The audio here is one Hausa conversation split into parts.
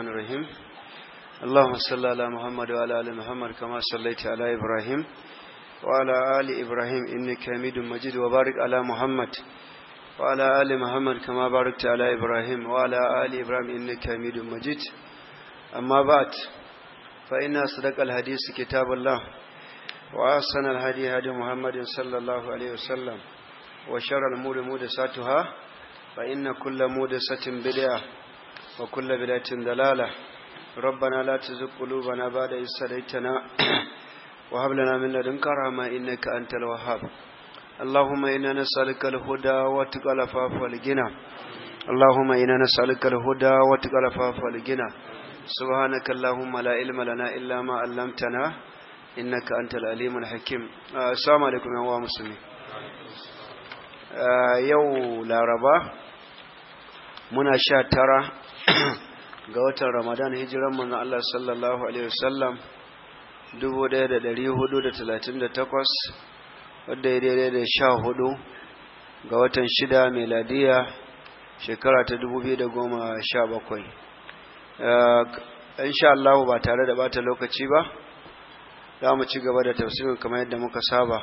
الرحمن الرحيم اللهم صل على محمد وعلى آل محمد كما صليت على إبراهيم وعلى آل إبراهيم إنك حميد مجيد وبارك على محمد وعلى آل محمد كما باركت على إبراهيم وعلى آل إبراهيم إنك حميد مجيد أما بعد فإن أصدق الحديث كتاب الله وأحسن الهدي هدي محمد صلى الله عليه وسلم وشر الأمور مودساتها فإن كل مودسة بدعة وكل بداية دلالة ربنا لا تزغ قلوبنا بعد إذ هديتنا وهب لنا من لدنك رحمة إنك أنت الوهاب اللهم إنا نسألك الهدى وتقى العفاف والغنى اللهم إنا نسألك الهدى وتقى العفاف والغنى سبحانك اللهم لا علم لنا إلا ما علمتنا إنك أنت العليم الحكيم السلام عليكم يا مسلمين yau laraba muna sha tara ga watan Ramadan hijiran manzon Allah sallallahu alaihi wasallam 1438 wadda ya daidai da 14 ga watan 6 meladiya shekara ta 2017 eh, insha Allah ba tare da bata lokaci ba za mu ci gaba da tafsirin kamar yadda muka saba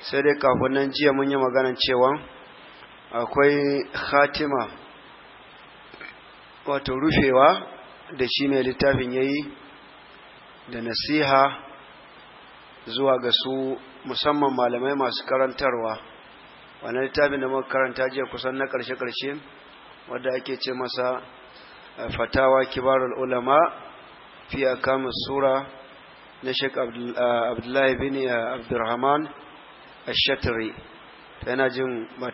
sai dai kafin nan jiya mun yi magana cewa akwai khatima wato rufewa da shi mai littafin ya yi da nasiha zuwa ga su musamman malamai masu karantarwa wani littafin da muka karanta jiya kusan na ƙarshe-ƙarshe wadda ake ce masa eh, fatawa kibarul ulama fiye kama sura na sheik eh, abdullahi bin eh, abdurrahman ashatri yana jin ba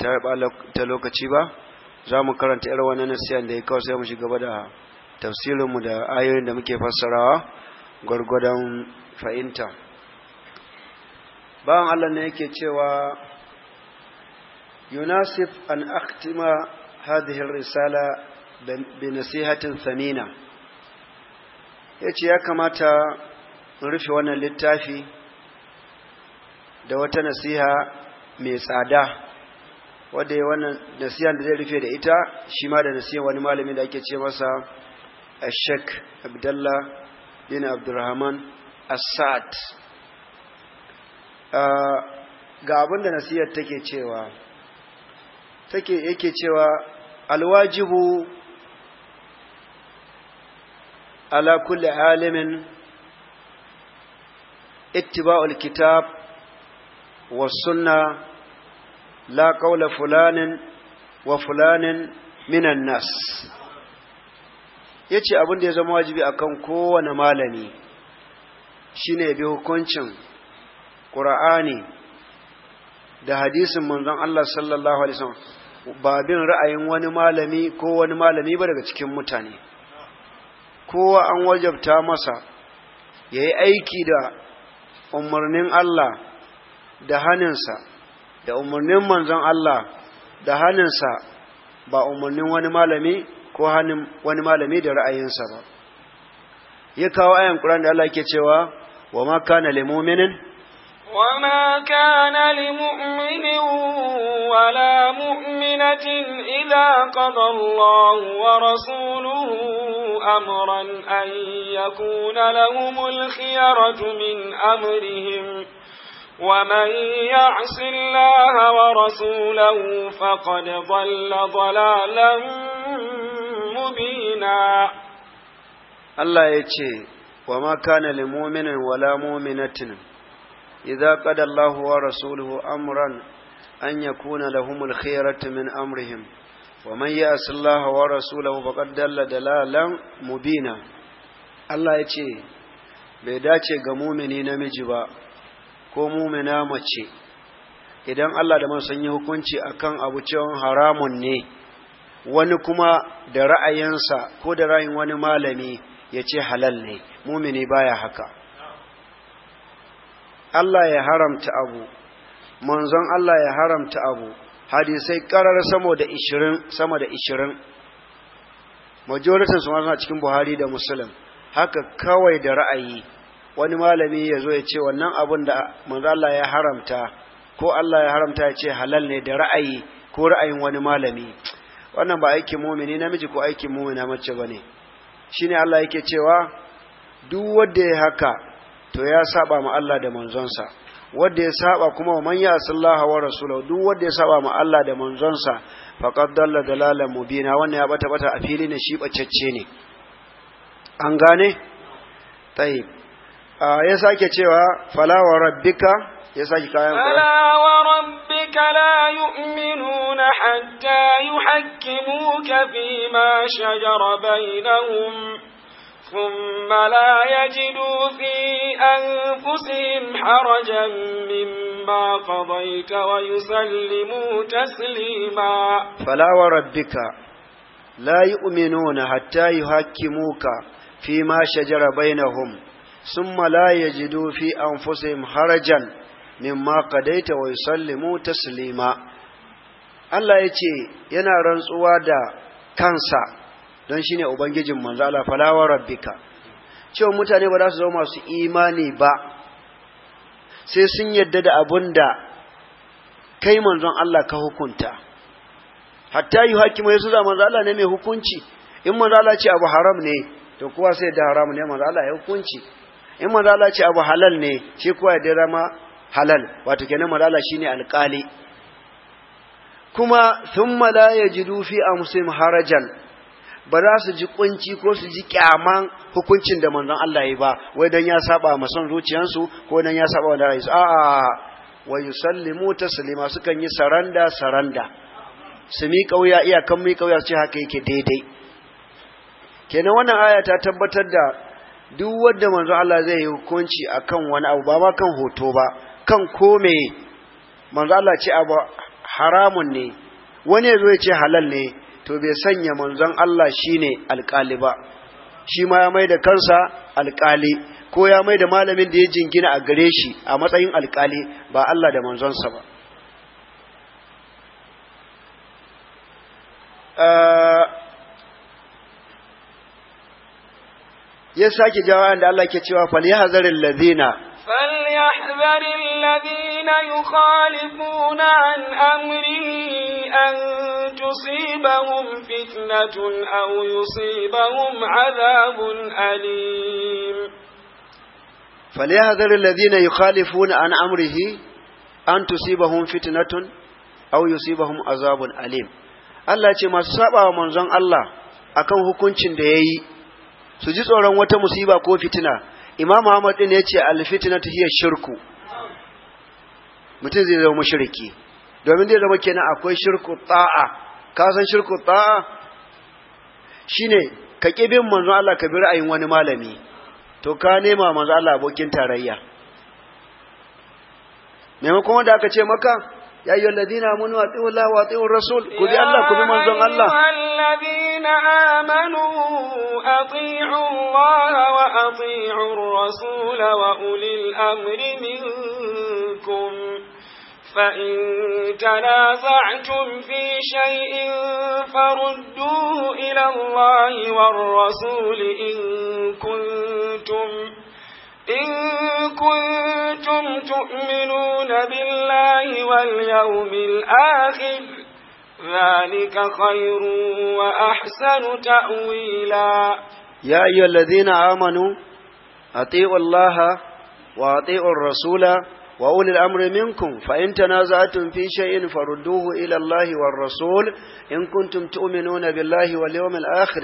ta lokaci ba za mu karanta 'yar wani nasiyan da ya kawo sai mu shiga gaba da tafsirinmu da ayoyin da muke fassarawa gwargwadon fahimta Ba'an Allah ne yake cewa yunasif an aktima hadhihi risala bi nasihatin thanina yace ya kamata in rufe wannan littafi da wata nasiha mai tsada wanda ya wannan nasiyan da zai rufe da ita shi ma da nasiyan wani malamin da ake ce masa ashek eh, abdallah bin abdurrahman assad ah, ga abin da nasiyar take cewa take yake cewa alwajibu ala kulli alimin ittiba'ul kitab wasunna. sunnah la qawla fulanin wa fulanin minan Ya yace abin da ya zama wajibi akan kowane malami shine bi hukuncin Qur'ani da hadisin manzon Allah sallallahu alaihi wasallam ba bin ra'ayin wani malami ko wani malami ba daga cikin mutane kowa an wajabta masa yayi aiki da umarnin Allah da haninsa da umarnin manzon Allah da haninsa ba umarnin wani malami ko hannun wani malami da ra'ayinsa ba ya kawo ayan ƙuran da Allah ke cewa wa ma kana lil mu'minin wa ma kana lil mu'minin wa la mu'minatin ila Allah wa rasuluhu amuran an yakuna lahumul khiyaratu min amrihim ومن يعص الله ورسوله فقد ضل ضلالا مبينا الله يتشي وما كان لمؤمن ولا مؤمنة إذا قد الله ورسوله أمرا أن يكون لهم الخيرة من أمرهم ومن يأس الله ورسوله فقد دل دلالا مبينا الله يتشي بيداتي dace نمجبا ko mumina mace idan Allah da man sanya hukunci akan abu cewon haramun ne wani kuma da ra'ayinsa ko da ra'ayin wani malami ya ce halal ne mumini baya haka Allah ya haramta abu manzon Allah ya haramta abu hadisai karar sama da 20 sama da 20 majoritin ma cikin Buhari da Muslim haka kawai da ra'ayi wani malami ya zo ya ce wannan abun da manzo Allah ya haramta ko Allah ya haramta ya ce halal ne da ra'ayi ko ra'ayin wani malami wannan ba aikin mumini namiji ko aikin mumina mace bane shine Allah yake cewa duk wanda ya haka to ya saba ma Allah da manzonsa wanda ya saba kuma wa man ya sallaha wa rasulahu duk wanda ya saba ma Allah da manzonsa faqad dalla dalalan mubina wannan ya bata bata a fili ne shi bacecce ne an gane tayyib Ah, ya sake cewa falawa rabbika ya sake kayan falawa rabbika la yu'minuna hatta yuhakkimuka fi ma shajara bainahum ثم لا يجدوا في أنفسهم حرجا مما قضيت ويسلموا تسليما فلا وربك لا يؤمنون حتى يحكموك فيما شجر بينهم ثم لا يجدوا في أنفسهم حرجا ta قديت sallimu taslima. Allah ya ce yana rantsuwa da kansa don shi ne Ubangijin manzala Rabbi rabbika, cewa mutane ba za su zama masu imani ba, sai sun yadda da abun da kai manzon Allah ka hukunta. Hatta yi hakima su za manzala ne mai hukunci, in manzala ce abu haram ne, to kowa sai da haram ne manzala ya hukunci. in madala ce abu halal ne shi kuwa ya ma halal wato kenan manzala shine alƙali kuma thumma la yajidu fi amsim harajan ba za su ji kunci ko su ji kyaman hukuncin da manzon Allah yi ba wai dan ya saba ma son zuciyansu ko dan ya saba wa ra'ayinsu a'a wa yusallimu taslima sukan yi saranda saranda su mi kauya iyakan mi kauya su ce haka yake daidai kenan wannan aya ta tabbatar da duk wanda manzo Allah zai yi hukunci akan wani abu ba ma kan hoto ba kan kome manzo Allah ce abu haramun ne wani yazo ya ce halal ne to bai sanya manzon Allah shine alƙali ba shi ma ya mai da kansa alƙali ko ya mai da malamin da ya jingina a gare shi a matsayin alƙali ba Allah da manzonsa ba eh, ya sake jawo da Allah ke cewa falyahzaril ladina falyahzaril ladina yukhalifuna an amri an tusibahum fitnatun aw yusibahum adhabun alim falyahzaril ladina yukhalifuna an amrihi an tusibahum fitnatun aw yusibahum azabun alim Allah ce masu sabawa manzon Allah akan hukuncin da yayi su ji tsoron wata musiba ko fitina imam Muhammad din ya ce alfitinatu hiya shirku mutum zai zama mushriki domin zai zama kenan akwai shirku ta'a ka san shirku ta'a shine ka kibin manzo Allah ka bi ra'ayin wani malami to ka nema manzo Allah abokin tarayya maimakon wanda aka ce maka ya ayyuhallazina amanu atiullaha wa atiur rasul ku bi Allah ku bi manzon Allah الذين آمنوا أطيعوا الله وأطيعوا الرسول وأولي الأمر منكم فإن تنازعتم في شيء فردوه إلى الله والرسول إن كنتم إن كنتم تؤمنون بالله واليوم الآخر ذلك خير وأحسن تأويلا يا أيها الذين آمنوا أطيعوا الله وأطيعوا الرسول وأولي الأمر منكم فإن تنازعتم في شيء فردوه إلى الله والرسول إن كنتم تؤمنون بالله واليوم الآخر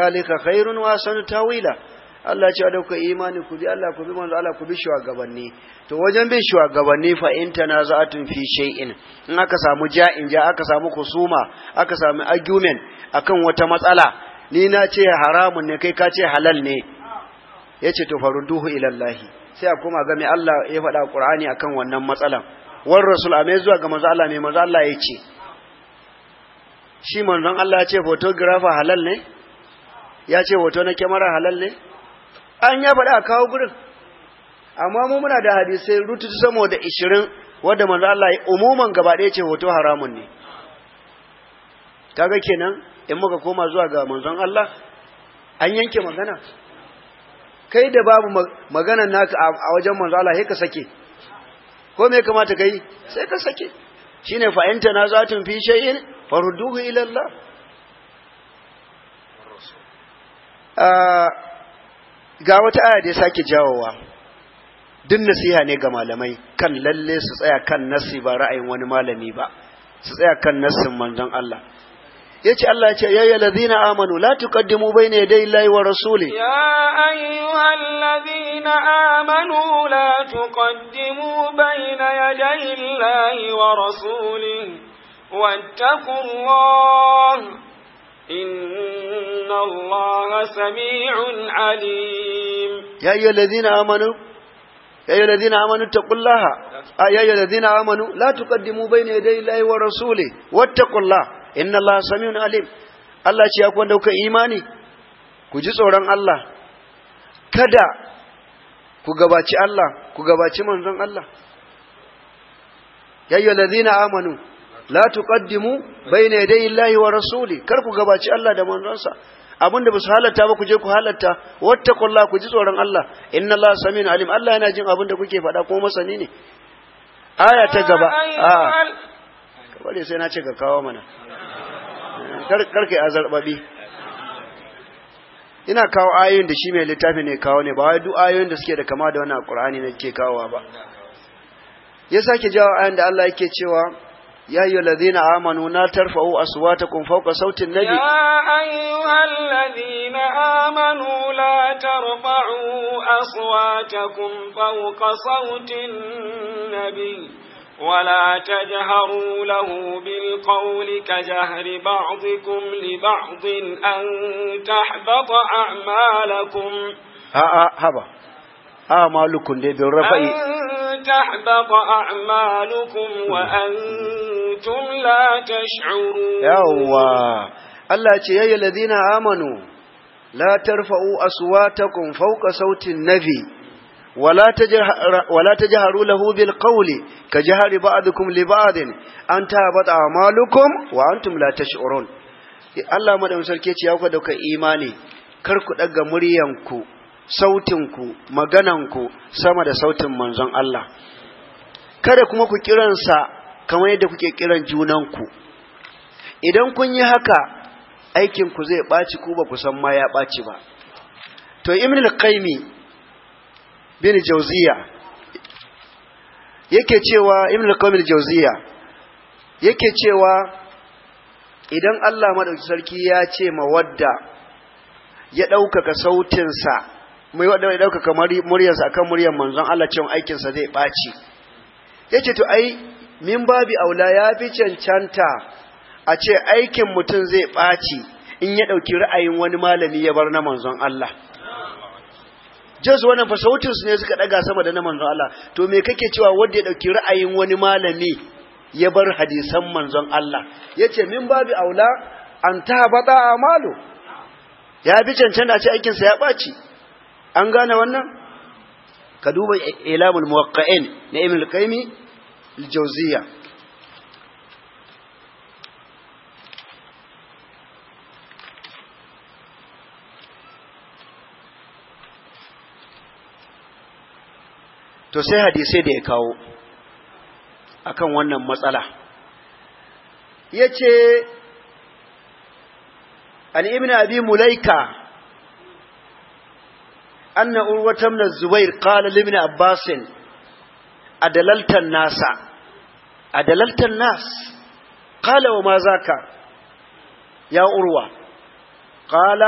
ذلك خير وأحسن تأويلا Allah ce da kuka imani ku bi Allah ku bi manzo Allah ku bi shugabanni to wajen bin shugabanni fa in tanaza'atun fi shay'in in aka samu ja'in ja aka samu kusuma aka samu argument akan wata matsala ni na ce haramun ne kai ka ce halal ne yace to farudduhu ila Allah sai a koma ga me Allah ya faɗa Qur'ani akan wannan matsalan war rasul amai zuwa ga manzo Allah me manzo Allah yace shi manzon Allah ya ce photographer halal ne ya ce hoto na kyamara halal ne an ya faɗa a kawo gurin amma mu muna da hadisai rutu samo da ishirin wadda manzo Allah ya umuman gaba ɗaya ce hoto haramun ne kaga kenan in muka koma zuwa ga manzon Allah an yanke magana kai da babu maganar naka a wajen manzo Allah sai ka sake ko me kamata kai sai ka sake shine fa na nazatun fi shay'in farudduhu ila Allah ah, ga wata aya da ya sake jawowa duk nasiha ne ga malamai kan lalle su tsaya kan nasi ba ra'ayin wani malami ba su tsaya kan nassin manzon Allah yace Allah ya ce ya ayyuhal ladina amanu la tuqaddimu bayna yaday Allahi wa rasuli ya ayyuhal ladina amanu la tuqaddimu bayna yaday Allahi wa rasuli wattaqullaha إن الله سميع عليم يا أيها الذين آمنوا يا أيها الذين آمنوا اتقوا الله يا أيها الذين آمنوا لا تقدموا بين يدي الله ورسوله واتقوا الله إن الله سميع عليم Allah ce ya kuwa dauka imani ku ji tsoron Allah kada ku gabaci Allah ku gabaci manzon Allah yayyo ladina amanu la tuqaddimu bayna yaday illahi wa rasuli kar ku gabaci Allah da manzonsa abinda bisu halatta ba ku je ku halatta wattaqullaha ku ji tsoron Allah inna Allah samin alim Allah yana jin abinda kuke fada ko masani ne aya ta gaba a ah. kabare sai na ce ka kawo mana kar kai azarbabi ina kawo ayoyin da shi mai littafi ne kawo ne ba wai duk ayoyin da suke da kama da wannan alqur'ani ne ke kawowa ba ya sake jawo ayan da Allah yake cewa يا أيها الذين آمنوا لا ترفعوا أصواتكم فوق صوت النبي يا أيها الذين آمنوا لا ترفعوا أصواتكم فوق صوت النبي ولا تجهروا له بالقول كجهر بعضكم لبعض أن تحبط أعمالكم ها ها هبا أعمالكم دي بالرفع أن تحبط أعمالكم وأنتم لا تشعرون يوا الله يا أيها الذين آمنوا لا ترفعوا أصواتكم فوق صوت النبي ولا تجهر ولا تجهروا له بالقول كجهر بعضكم لبعض أن تهبط أعمالكم وأنتم لا تشعرون Allah madam sarki ce ya ku dauka imani kar ku daga muryanku Sautin sautinku ku sama da sautin manzon Allah kada kuma ku kiransa kamar yadda kuke kiran junanku idan kun yi haka aikinku zai ɓaci ku ba ku san ma ya ɓaci ba to ibn al qaymi bin jauziya yake cewa ibn al qaymi jauziya yake cewa idan Allah madauki sarki ya ce mawadda ya ɗaukaka sautinsa mai waɗanda ya dauka kamar muryarsa akan muryar manzon Allah cewa aikin sa zai baci yace to ai min babi aula ya fi cancanta a ce aikin mutum zai baci in ya dauki ra'ayin wani malami ya bar na manzon Allah Jos wannan fa ne suka daga sama da na manzon Allah to me kake cewa wanda ya dauki ra'ayin wani malami ya bar hadisan manzon Allah ya ce min babu aula an ta bada a malu ya bi cancanta ce aikinsa ya ɓaci an gane wannan ka duba ilamul muwaqqa'in na ibn al-qayyim al-jawziyya to sai hadisi da ya kawo akan wannan matsala yace al-ibn abi mulaika أن أروة من الزبير قال لابن عباس أدللت الناس أدللت الناس قال وما ذاك يا أروة قال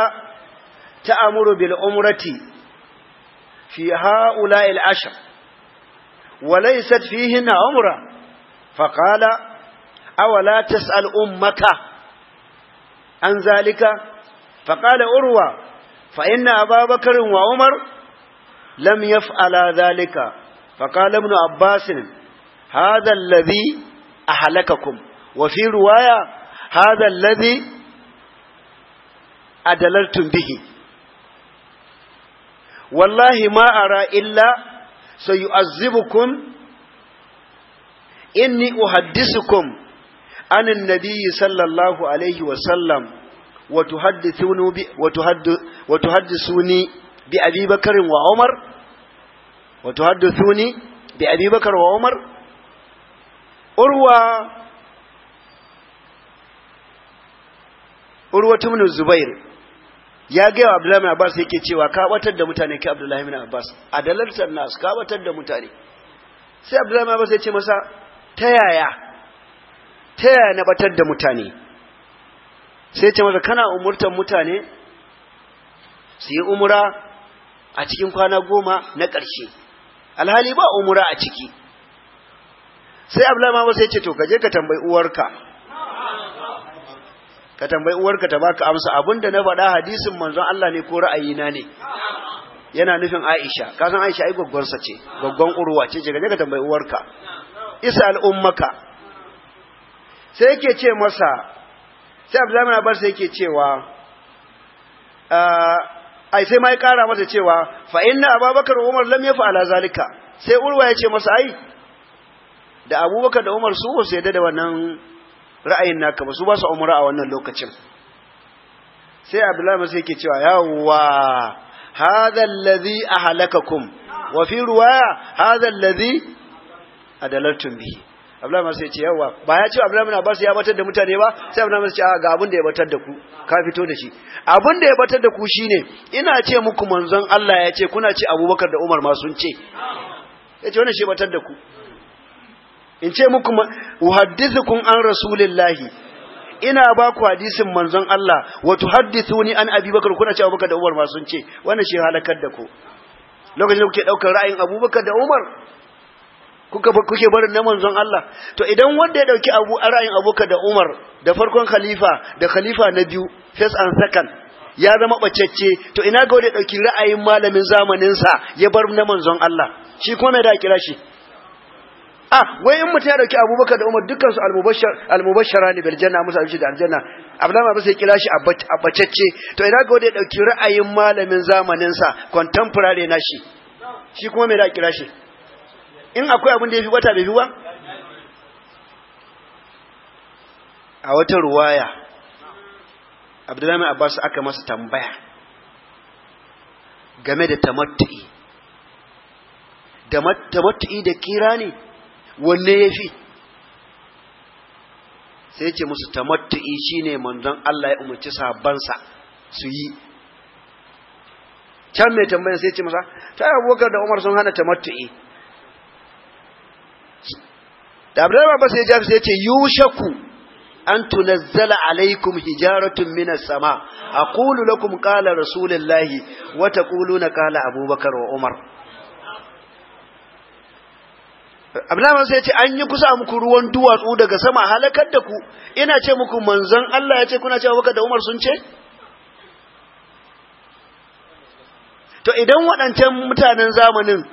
تأمر بالأمرة في هؤلاء العشر وليست فيهن عمرة فقال أولا تسأل أمك عن ذلك فقال أروى فإن أبا بكر وعمر لم يفعل ذلك فقال ابن عباس هذا الذي أهلككم وفي رواية هذا الذي أدللتم به والله ما أرى إلا سيعذبكم إني أحدثكم عن النبي صلى الله عليه وسلم wa tuhaddithuni bi wa tuhaddithuni bi wa Umar wa tuhaddithuni bi Abi Bakar wa Umar Urwa Urwa ibn Zubair ya ga Abdullahi ibn Abbas yake cewa ka batar da mutane kai Abdullahi ibn Abbas adalatar nas ka batar da mutane sai Abdullahi ibn ya ce masa ta yaya ta yaya na batar da mutane sai ce masa kana umurtan mutane su yi umura a cikin kwana goma na ƙarshe alhali ba umura a ciki sai abulama ba sai ce to kaje ka tambayi uwarka ka tambayi uwarka ta baka amsa abinda na faɗa hadisin manzon Allah ne ko ra'ayina ne yana nufin Aisha ka san Aisha ai gaggonsa ce gaggon urwa ce ce gaje ka tambayi uwarka isa al'ummaka sai yake ce masa sai zamana bar sai ke cewa ah, ai sai ma ya kara mata cewa fa inna ababakar umar lam yaf'ala zalika sai urwa ya ce masa ai da abubakar da umar su su yadda da wannan ra'ayin naka ba su ba su a wannan lokacin sai abdullahi sai yake cewa yawwa hadha alladhi ahlakakum wa fi ruwaya hadha a adalaltum bihi Abdullahi sai ce yawa ba ya ce ba su ya batar da mutane ba sai Abdullahi sai ce ce ga abin da ya batar da ku ka fito da shi abin da ya batar da ku shine ina ce muku manzon Allah ya ce kuna ce Abubakar da Umar ma sun ce Ya ce wannan shi batar da ku in ce muku uhaddithukum an rasulillahi ina ba ku hadisin manzon Allah wa tuhaddithuni an Abubakar kuna ce Abubakar da Umar ma sun ce wannan shi halakar da ku lokacin da kuke daukar ra'ayin Abubakar da Umar kuka kuke barin na manzon Allah to idan wanda ya dauki abu a ra'ayin abuka da Umar da farkon khalifa da khalifa na biyu first and second ya zama bacecce to ina ga wanda ya dauki ra'ayin malamin zamanin sa ya bar na manzon Allah shi kuma me da kira shi ah wai in mutum ya dauki abubakar da umar dukkan su almubashar almubashara ne bil janna musa da aljanna abdullah ba sai kira shi abacacce to ina ga wanda ya dauki ra'ayin malamin zamanin sa contemporary na shi shi kuma me da kira shi in akwai abin da ya fi wata bai fi ba a wata ruwaya abdullahi abbas aka masa tambaya game da tamattu'i da tamattu'i da kira ne? wanne ya fi sai ce musu tamattu'i shine manzon Allah ya umarci sabansa su yi can mai tambayin sai ce masa ta abubakar da umar sun hana tamattu'i da abdullahi abbas ya jafi sai ya ce yushaku an tunazzala alaikum hijaratun minas sama kulu lakum kala rasulullahi kulu na kala abubakar wa umar Abdullahi sai ya ce an yi kusa muku ruwan duwatsu daga sama halakar da ku ina ce muku manzon Allah ya ce kuna ce abubakar da Umar sun ce to idan waɗancan mutanen zamanin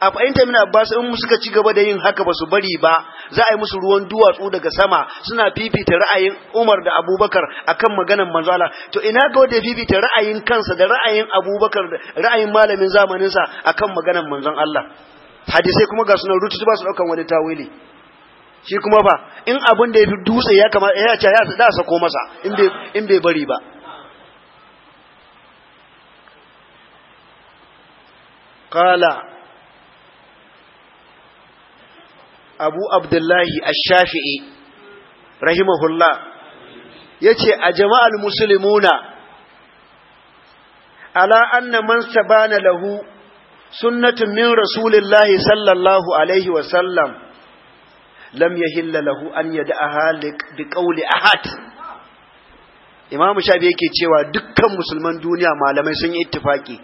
a fahimta min abbas in suka ci gaba da yin haka ba su bari ba za a yi musu ruwan duwatsu daga sama suna fifita ra'ayin umar da abubakar akan maganan manzala to ina ga wanda fifita ra'ayin kansa da ra'ayin abubakar da ra'ayin malamin zamaninsa akan maganan manzon Allah hadisai kuma ga sunan rutu ba su daukan wani tawili shi kuma ba in abin da ya fi dutse ya kamata ya ce ya da ko masa in bai bari ba qala abu abdullahi ash-shafi'i rahimahullah yace a jama'al muslimuna ala anna man sabana lahu sunnatun min rasulillahi sallallahu alaihi wa sallam lam yahilla lahu an yad'aha bi ahad imam shafi yake cewa dukkan musulman duniya malamai sun yi ittifaki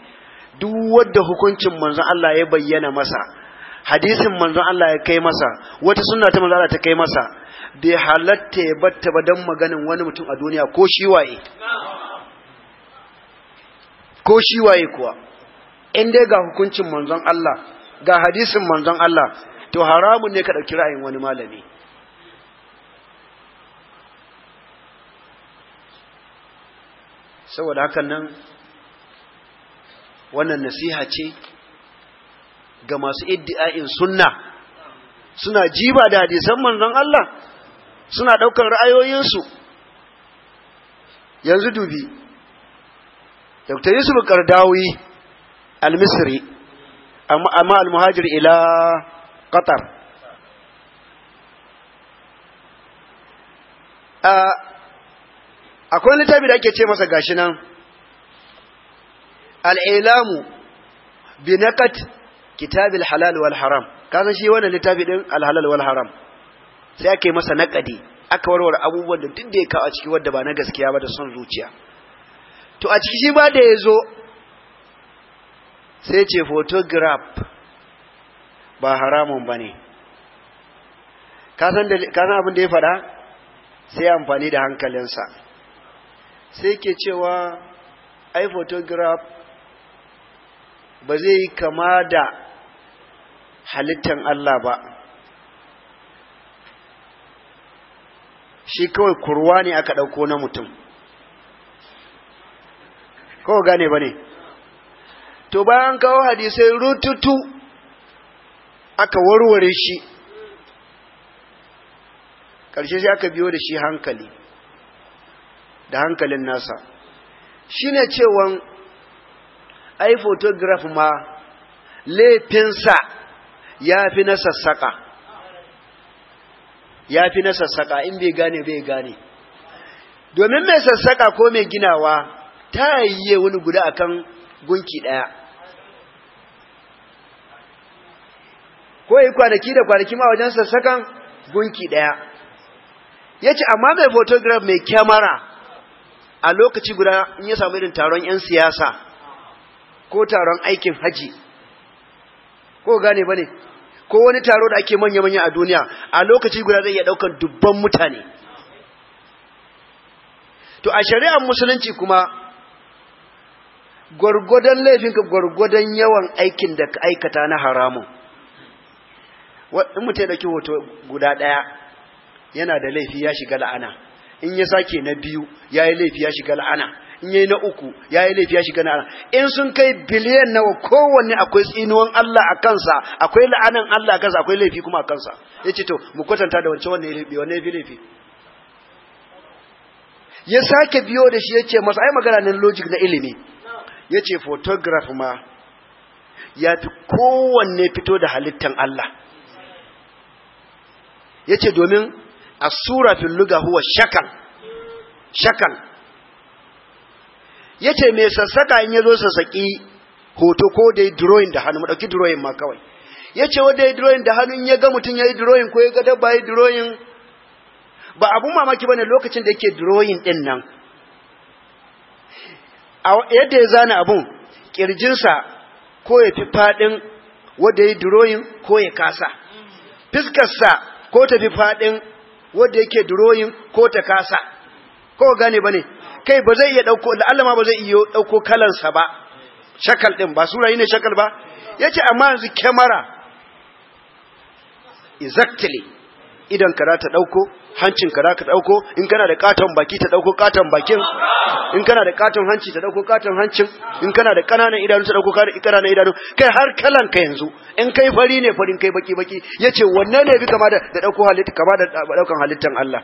duk wanda hukuncin manzon Allah ya bayyana masa hadisin manzon Allah ya kai masa wata sunna ta manzon Allah ta kai masa bai halatta ya batta ba dan maganin wani mutum a duniya ko shi waye ko shi waye kuwa in dai ga hukuncin manzon Allah ga hadisin manzon Allah to haramun ne ka dauki ra'ayin wani malami saboda hakan nan wannan nasiha ce ga masu iddi'a'in sunna suna jiba da hadisan manzon Allah suna ɗaukan ra'ayoyinsu yanzu dubi dr yusuf kardawi al-misri amma al-muhajir ila qatar akwai littafi da ake ce masa gashi nan al'ilamu bi naqat kitabil halal wal haram kasan shi wannan littafi din al halal wal haram sai aka yi masa naqadi aka warware abubuwan da duk da ya kawo a ciki wanda ba na gaskiya ba da son zuciya to a ciki shi ba da ya zo sai ce photograph ba haramun ba ne kasan abin da ya faɗa sai amfani da hankalinsa sai ke cewa ai photograph ba zai yi kama da halittan Allah ba shi kawai kurwa ne aka ɗauko na mutum kawai gane ba ne to bayan kawo hadisai rututu aka warware shi ƙarshe sai aka biyo da shi hankali da hankalin nasa shi ne cewan ai photograph ma laifinsa ya fi na sassaƙa ya fi na sassaƙa in bai gane bai gane domin mai sassaƙa ko mai ginawa ta yi wani guda akan gunki ɗaya ko yi kwanaki da kwanaki ma wajen sassaƙan gunki ɗaya ya ce amma mai photograph mai kyamara a lokaci guda in ya samu irin taron 'yan siyasa ko taron aikin haji ko gane ba ko wani taro da ake manya-manya a duniya a lokaci guda zai iya ɗaukan dubban mutane to a shari'ar musulunci kuma gwargwadon laifinka gwargwadon yawan aikin da ka aikata na haramun in mutum ya ɗauki hoto guda ɗaya yana da laifi ya shiga la'ana in ya sake na biyu ya yi laifi ya shiga la'ana in na uku yayi laifi ya shiga na in sun kai biliyan nawa kowanne akwai tsinuwan Allah a kansa akwai la'anan Allah a kansa akwai laifi kuma a kansa ya ce to mu kwatanta da wancan wanne laifi wanne laifi ya sake biyo da shi ya ce masa ai magana ne logic na ilimi yace photograph ma ya fi kowanne fito da halittan Allah yace domin sura fil luga huwa shakal shakal ya ce mai sassaka in ya zo sassaƙi hoto ko da drawing da hannu maɗauki drawing ma kawai ya ce wanda ya drawing da hannun ya ga mutum ya yi drawing ko ya ga dabba ya drawing ba abun mamaki ba ne lokacin da yake drawing ɗin nan yadda ya zana abun ƙirjinsa ko ya fi faɗin wanda ya yi drawing ko ya kasa fiskarsa ko ta fi faɗin wanda yake drawing ko ta kasa ko gane ba ne kai ba zai iya dauko Allah ma ba zai iya dauko kalansa ba shakal din ba sura ne shakal ba yace amma yanzu kamera exactly idan ka ta dauko hancin ka ka dauko in kana da katon baki ta dauko katon bakin in kana da katon hanci ta dauko katon hancin in kana da kananan idanu ta dauko kananan idanu kai har kalan ka yanzu in kai fari ne farin kai baki baki yace wannan ne bi kama da dauko halitta kama da daukan halittan Allah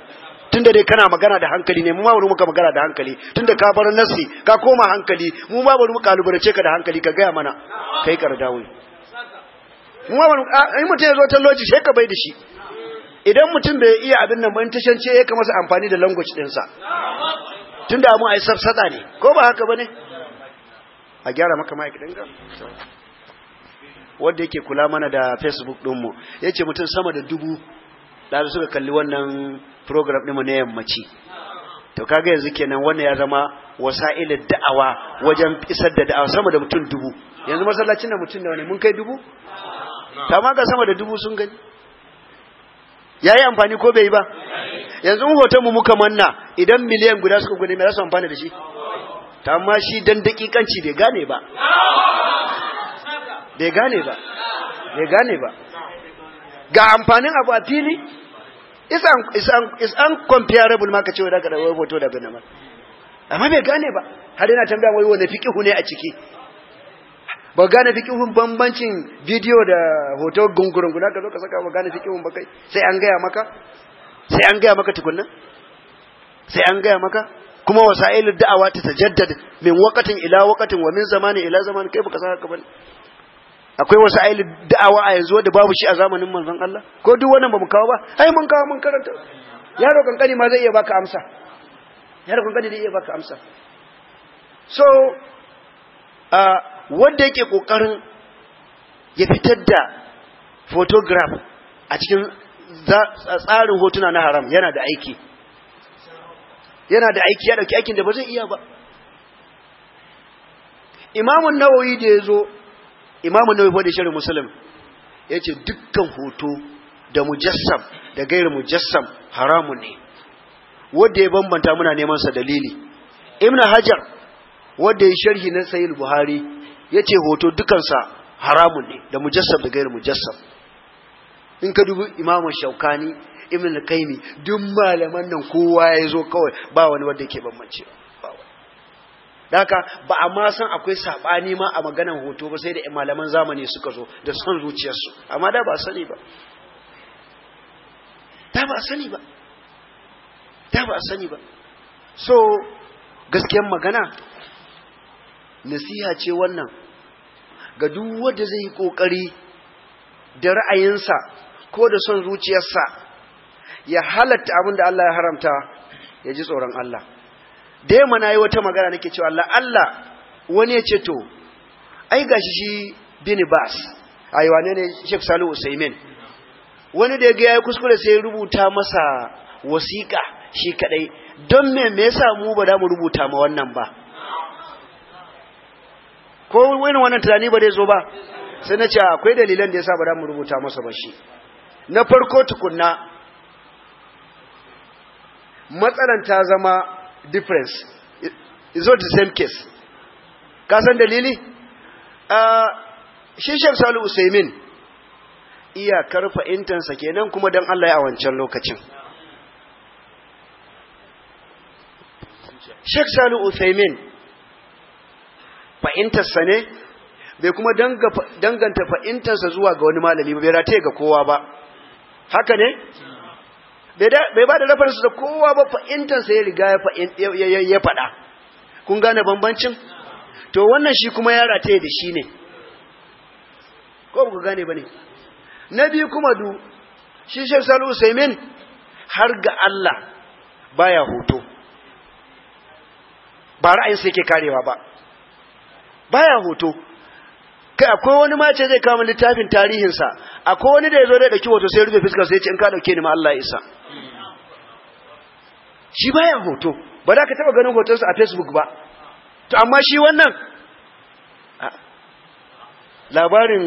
tunda dai kana magana da hankali ne mu ma bari muka magana da hankali tunda ka bar nasi ka koma hankali mu ma bari mu kalubarace ka da hankali ka gaya mana kai kardawi mu ma bari in mutum ya zo talloci sai ka bai da shi idan mutum bai iya abin nan ba in tashance ya kama sa amfani da language sa tunda mu ai sarsada ne ko ba haka bane a gyara maka ma'aikatan ga wanda yake kula mana da facebook din mu yace mutum sama da dubu ɗazu suka kalli wannan program ɗinmu na yammaci to kaga yanzu kenan wannan ya zama wasa'ilar da'awa wajen isar da da'awa sama da mutum dubu yanzu masallacin da mutum da wani mun kai dubu ta ma ga sama da dubu sun gani ya yi amfani ko bai yi ba yanzu mu hoton mu muka manna idan miliyan guda suka gudu me za su amfana da shi ta ma shi dan dakikanci bai gane ba bai gane ba bai gane ba ga amfanin abu a fili is an is un is uncomparable ma ka ce da daga da hoto da bin nan amma bai gane ba har ina tambaya wai wanda fiqihu ne a ciki ba gane fiqihun bambancin video da hoto gungurun guda ka zo ka saka ba gane fiqihun ba kai sai an gaya maka sai an gaya maka tukunna sai an gaya maka kuma wasa'ilu da'awa ta jaddada min waqatin ila waqatin wa min zamani ila zamani kai baka saka ka bane akwai wasu aili da'awa a yanzu da babu shi a zamanin manzon Allah ko duk wannan bamu kawo ba ai mun kawo mun karanta yaro kankani ma zai iya baka amsa yaro kankani zai iya baka amsa so a wanda yake kokarin ya fitar da photograph a cikin tsarin hotuna na haram yana da aiki yana da aiki ya dauki aikin da ba zai iya ba imamun nawawi da ya zo imamu wani fadi musulun ya yace dukkan hoto da mujassam da gairu mujassam haramun ne wadda ya bambanta muna neman sa dalili Imna hajar wanda ya sharhi na sayi buhari yace hoto dukansa haramun ne da mujassam da gairu mujassam in ka dubi imamu shaukani imna al duk malaman nan kowa ya zo kawai ba wani wadda yake bambancewa Daka ba a ma san akwai saɓani ma a maganan hoto ba sai da malaman zamani suka zo da son zuciyarsu, amma da ba sani ba. Da ba sani ba. Da ba sani ba. So, gaskiyar magana, nasiha ce wannan, ga duk wanda zai yi ƙoƙari da ra'ayinsa ko da son zuciyarsa, ya halatta abin da Allah ya haramta, ya ji tsoron Allah. da yamma na yi wata magana nake cewa Allah Allah wani ya ce to ai gashi shi bin bas ai wane ne Sheikh Salihu Usaimin wani da ya ga yi kuskure sai rubuta masa wasiƙa shi kaɗai don me me yasa mu ba da mu rubuta ma wannan ba ko wani wannan tunani ba zai zo ba sai na ce akwai dalilan da yasa ba da mu rubuta masa ba shi na farko tukunna matsalan ta zama difference it's not the same case dalili ah, shi Sheikh Salih Usaimin iyakar fa'intansa kenan kuma don Allah ya wancan lokacin Sheikh Salih Usaimin fa'intarsa ne bai kuma danganta fa'intarsa zuwa ga wani malami ba bai rataye ga kowa ba haka ne bai ba da rafarsu da kowa ba fa'intansa ya riga ya faɗa kun gane bambancin to wannan shi kuma ya rataye da shi ne ko ku gane ba ne na biyu kuma du shi shek salu usaimin har ga Allah baya hoto ba ra'ayin sai ke karewa ba baya hoto kai akwai wani ma ce zai kama littafin tarihinsa akwai wani da ya zo da ɗauki hoto sai rufe fuskar sai ce in ka ɗauke ni ma Allah isa shi baya hoto ba za ka taɓa ganin hotonsa a facebook ba to amma shi wannan labarin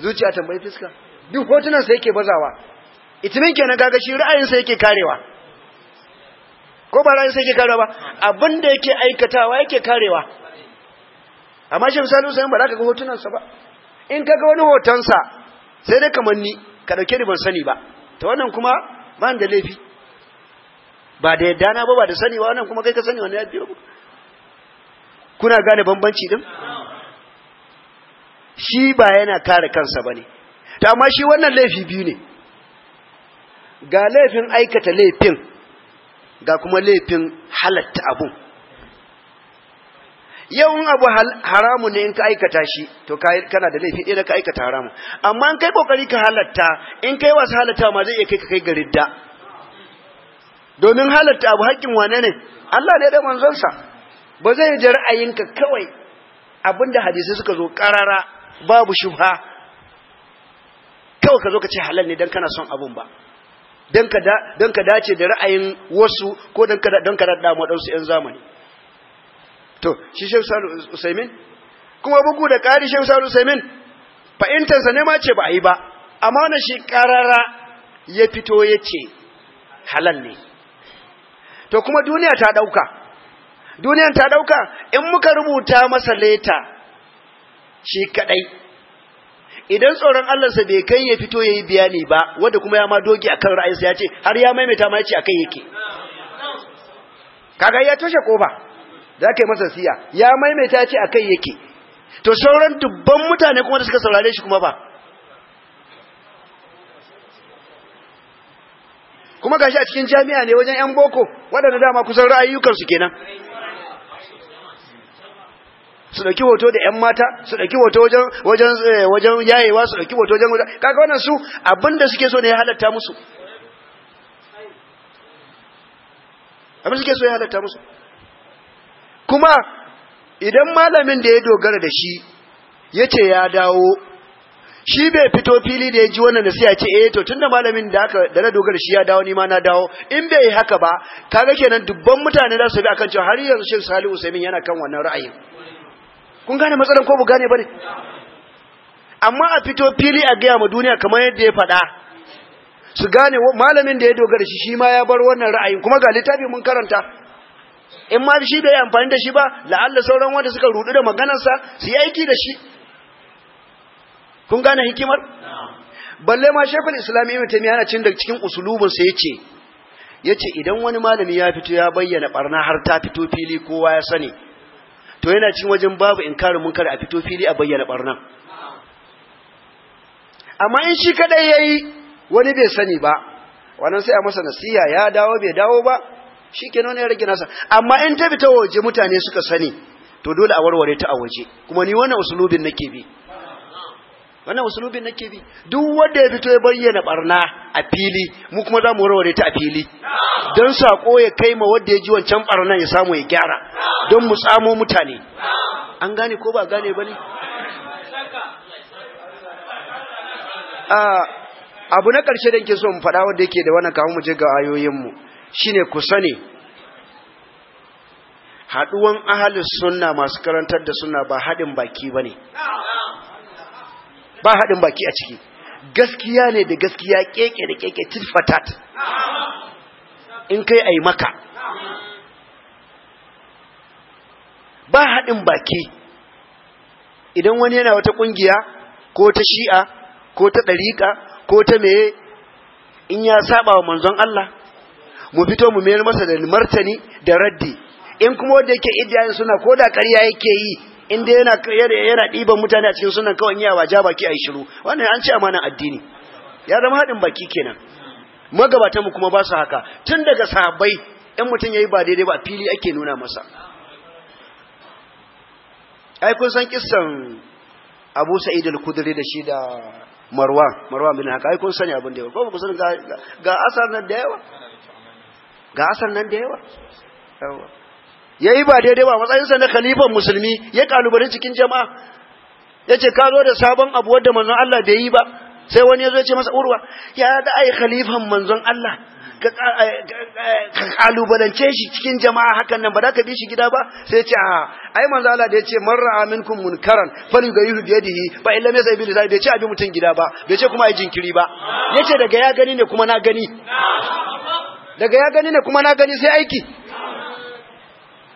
zuciya tambayi fuska duk hotunan sai yake bazawa itimin kenan kaga shi ra'ayinsa yake karewa ko ba ra'ayinsa yake karewa ba abin da yake aikatawa yake karewa amma shi misali usain ba za ka ga hotunansa ba in ka ga wani hotonsa sai dai kamar ni ka dauke ni ban sani ba ta wannan kuma ba da laifi ba da yadda na ba ba da sani ba wannan kuma kai ka sani wannan ya biyo kuna gane bambanci din shi ba yana kare kansa bane to amma shi wannan laifi biyu ne ga laifin aikata laifin ga kuma laifin halatta abun yau in abu haramu ne in ka aikata shi to kana da laifi ɗaya ka aikata haramu amma in kai kokari ka halatta in kai wasu halatta ma zai iya kai ka kai garin domin halatta abu haƙƙin wane ne Allah ne da manzonsa ba zai ji ra'ayinka kawai abinda hadisi suka zo karara babu shubha kawai ka zo ka ce halal ne dan kana son abun ba dan ka dace da ra'ayin wasu ko dan ka dan ka dadda dan su yan zamani to shi shehu Salu Usaimin kuma bugu da ƙari shehu Salu Usaimin fa'intansa ne ma ce ba a yi ba amma wannan shi ƙarara ya fito ya ce halal ne to kuma duniya ta ɗauka duniyan ta ɗauka in muka rubuta masa leta shi kaɗai idan tsoron Allah sa bai kai ya fito ya yi bayani ba wanda kuma ya ma doge akan ra'ayinsa ya ce har ya maimaita ma ya ce akai yake kaga ya toshe ba. za ka yi masa siya ya maimaita ce a kai yake to sauran dubban mutane kuma da suka saurare shi kuma ba kuma gashi a cikin jami'a ne wajen 'yan boko waɗanda dama kusan ra'ayyukansu kenan su ɗauki hoto da 'yan mata su ɗauki hoto wajen eh, yayewa su ɗauki hoto wajen kaka wannan su abinda suke so ne ya halatta musu abinda suke so ya halatta musu kuma idan malamin da ya dogara da shi ya ce ya dawo shi bai fito fili da ya ji wannan nasiya ce eh to tunda malamin da aka da na dogara shi ya dawo ni ma na dawo in bai yi haka ba kaga kenan dubban mutane za su bi akan cewa har yanzu shin Salihu Usaimin yana kan wannan ra'ayin kun gane matsalan ko bu gane bane amma a fito fili a gaya ma duniya kamar yadda ya faɗa su gane malamin da ya dogara shi shi ma ya bar wannan ra'ayin kuma ga littafi mun karanta in ma shi bai amfani da shi ba la'alla sauran wanda suka rudu da maganarsa su yi aiki da shi kun gane hikimar balle ma shekul islam ibn taymiya yana cin da cikin usulubin sa yace yace idan wani malami ya fito ya bayyana barna har ta fito fili kowa ya sani to yana cin wajen babu inkarin munkar a fito fili a bayyana barna. amma in shi kadai yayi wani bai sani ba wannan sai a masa nasiha ya dawo bai dawo ba shi ke nuna ya rage nasa amma in ta ta waje mutane suka sani to dole a warware ta a waje kuma ni wannan usulubin nake bi wannan usulubin nake bi duk wanda ya fito ya bayyana barna a fili mu kuma za mu warware ta a fili don sako ya kai ma wanda ya ji wancan barna ya samu ya gyara don mu tsamo mutane an gane ko ba gane ba ne ah, abu na ƙarshe da ke so mu faɗa wanda yake da wannan kawo mu je ga ayoyinmu shine ku sani Haɗuwan ahalin sunna masu karantar da sunna ba haɗin baki bane ba haɗin baki a ciki gaskiya ne da gaskiya keke da keke tiffatat in kai ai maka ba haɗin baki idan wani yana wata ƙungiya ko ta shi'a ko ta ɗariƙa ko ta meye in ya saba wa manzon Allah mu fito mu mayar masa da martani da raddi in kuma wanda yake idiyayin suna ko da ƙarya yake yi in dai yana yana ɗiban mutane a cikin sunan kawai yawa ja baki a shiru wannan an ce amanan addini ya zama haɗin baki kenan magabatan mu kuma ba su haka tun daga sahabbai in mutum yayi ba daidai ba fili ake nuna masa ai kun san kissan Abu Sa'id al-Khudri da shi da Marwan Marwan bin Haka ai kun sani abin da yawa ko ba ku sani ga asar nan da yawa ga asar nan da yawa ya yi ba daidai ba matsayinsa na khalifan musulmi ya kalubali cikin jama'a ya ce ka zo da sabon abu wadda manzon Allah bai yi ba sai wani ya zo ce masa urwa ya da ai khalifan manzon Allah ka kalubalance eh, shi cikin jama'a hakan nan ba za ka bi shi gida ba sai ce a ai manzon Allah da ya ce man ra'a minkum munkaran falyughayyirhu bi yadihi Ba illa yasai bi da ya ce bi mutun gida ba bai ce kuma ai jinkiri ba yace daga ya gani ne kuma na gani daga ya gani ne kuma na gani sai aiki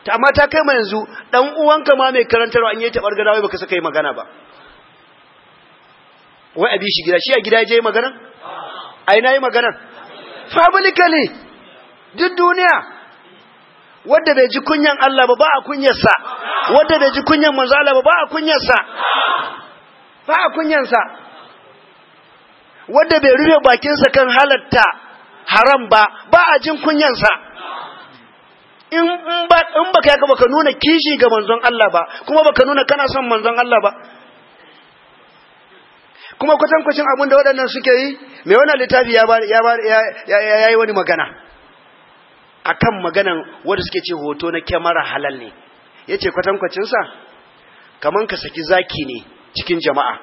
ta amma ta kai ma yanzu dan uwanka ma mai karantarwa in yi tabar gada wai baka saka yi magana ba wai abi shi gida shi a gida je magana ai nayi magana publicly duk duniya wadda bai ji kunyan Allah ba ba a sa wadda bai ji kunyan manzo Allah ba ba a sa. ba a sa wadda bai rufe bakin sa kan halatta haram ba ba a jin kunyansa in ba in baka ka baka nuna kishi ga manzon Allah ba kuma baka nuna kana son manzon Allah ba kuma kwatankwacin abin da waɗannan suke yi mai wannan littafi ya ya yi wani magana akan maganan wanda suke ce hoto na kyamara halal ne yace sa kaman ka saki zaki ne cikin jama'a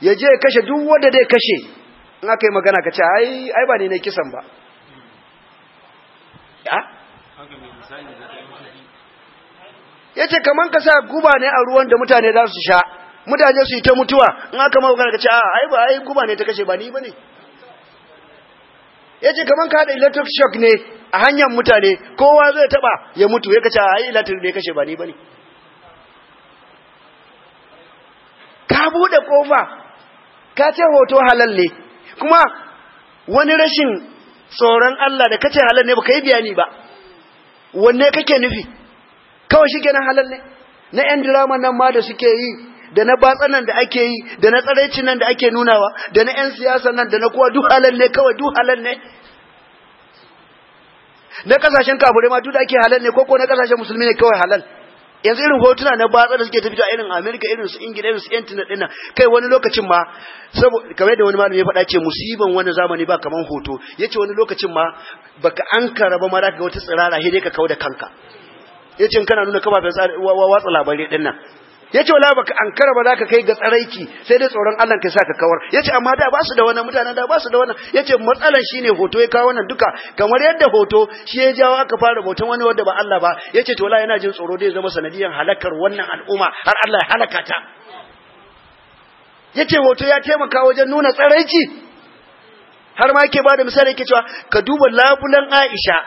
ya je kashe duk wanda zai kashe in aka yi magana ka ce ai ba ne ne kisan ba ya ce kaman ka sa guba ne a ruwan da mutane za su sha mutane su yi ta mutuwa in aka magana ka ce ai ba ai guba ne ta kashe ba ni ba ne? Ya ce kaman ka haɗa electric shock ne a hanyar mutane kowa zai taɓa ya mutu ya kace ai electric ne kashe ba ni ba ne? ka bude kofa ka ce hoto halal ne kuma wani rashin tsoron Allah da kace halal ne baka yi bayani ba wanne kake nufi kawai shi kenan halal ne na yan drama nan ma da suke yi da na batsanan da ake yi da na tsaraicin nan da ake nunawa da na yan siyasa nan da na kowa duk halal ne kawai duk halal ne na kasashen kafure ma duk da ake halal ne ko ko na kasashen musulmi ne kawai halal yanzu irin hotuna na batsa da suke tafi a irin Amerika irin su Ingila irin su internet dinnan kai wani lokacin ma saboda kamar yadda wani malami ya faɗa ce musiban wani zamani ba kaman hoto Ya ce wani lokacin ma baka ankara ba ma ga wata tsirara sai dai ka kawo da kanka ya ce kana nuna kafafen watsa labarai dinnan yace wala baka ankara ba ka kai ga tsaraiki sai dai tsoron Allah kai saka kawar yace amma da su da wannan mutanen da su da wannan yace matsalan ne hoto ya kawo wannan duka kamar yadda hoto shi ya jawo aka fara hoton wani wanda ba Allah ba yace to wala yana jin tsoro dai zama sanadiyan halakar wannan al'umma har Allah ya halaka ta yace hoto ya taimaka wajen nuna tsaraiki har ma yake bada misali yake cewa ka duba labulan Aisha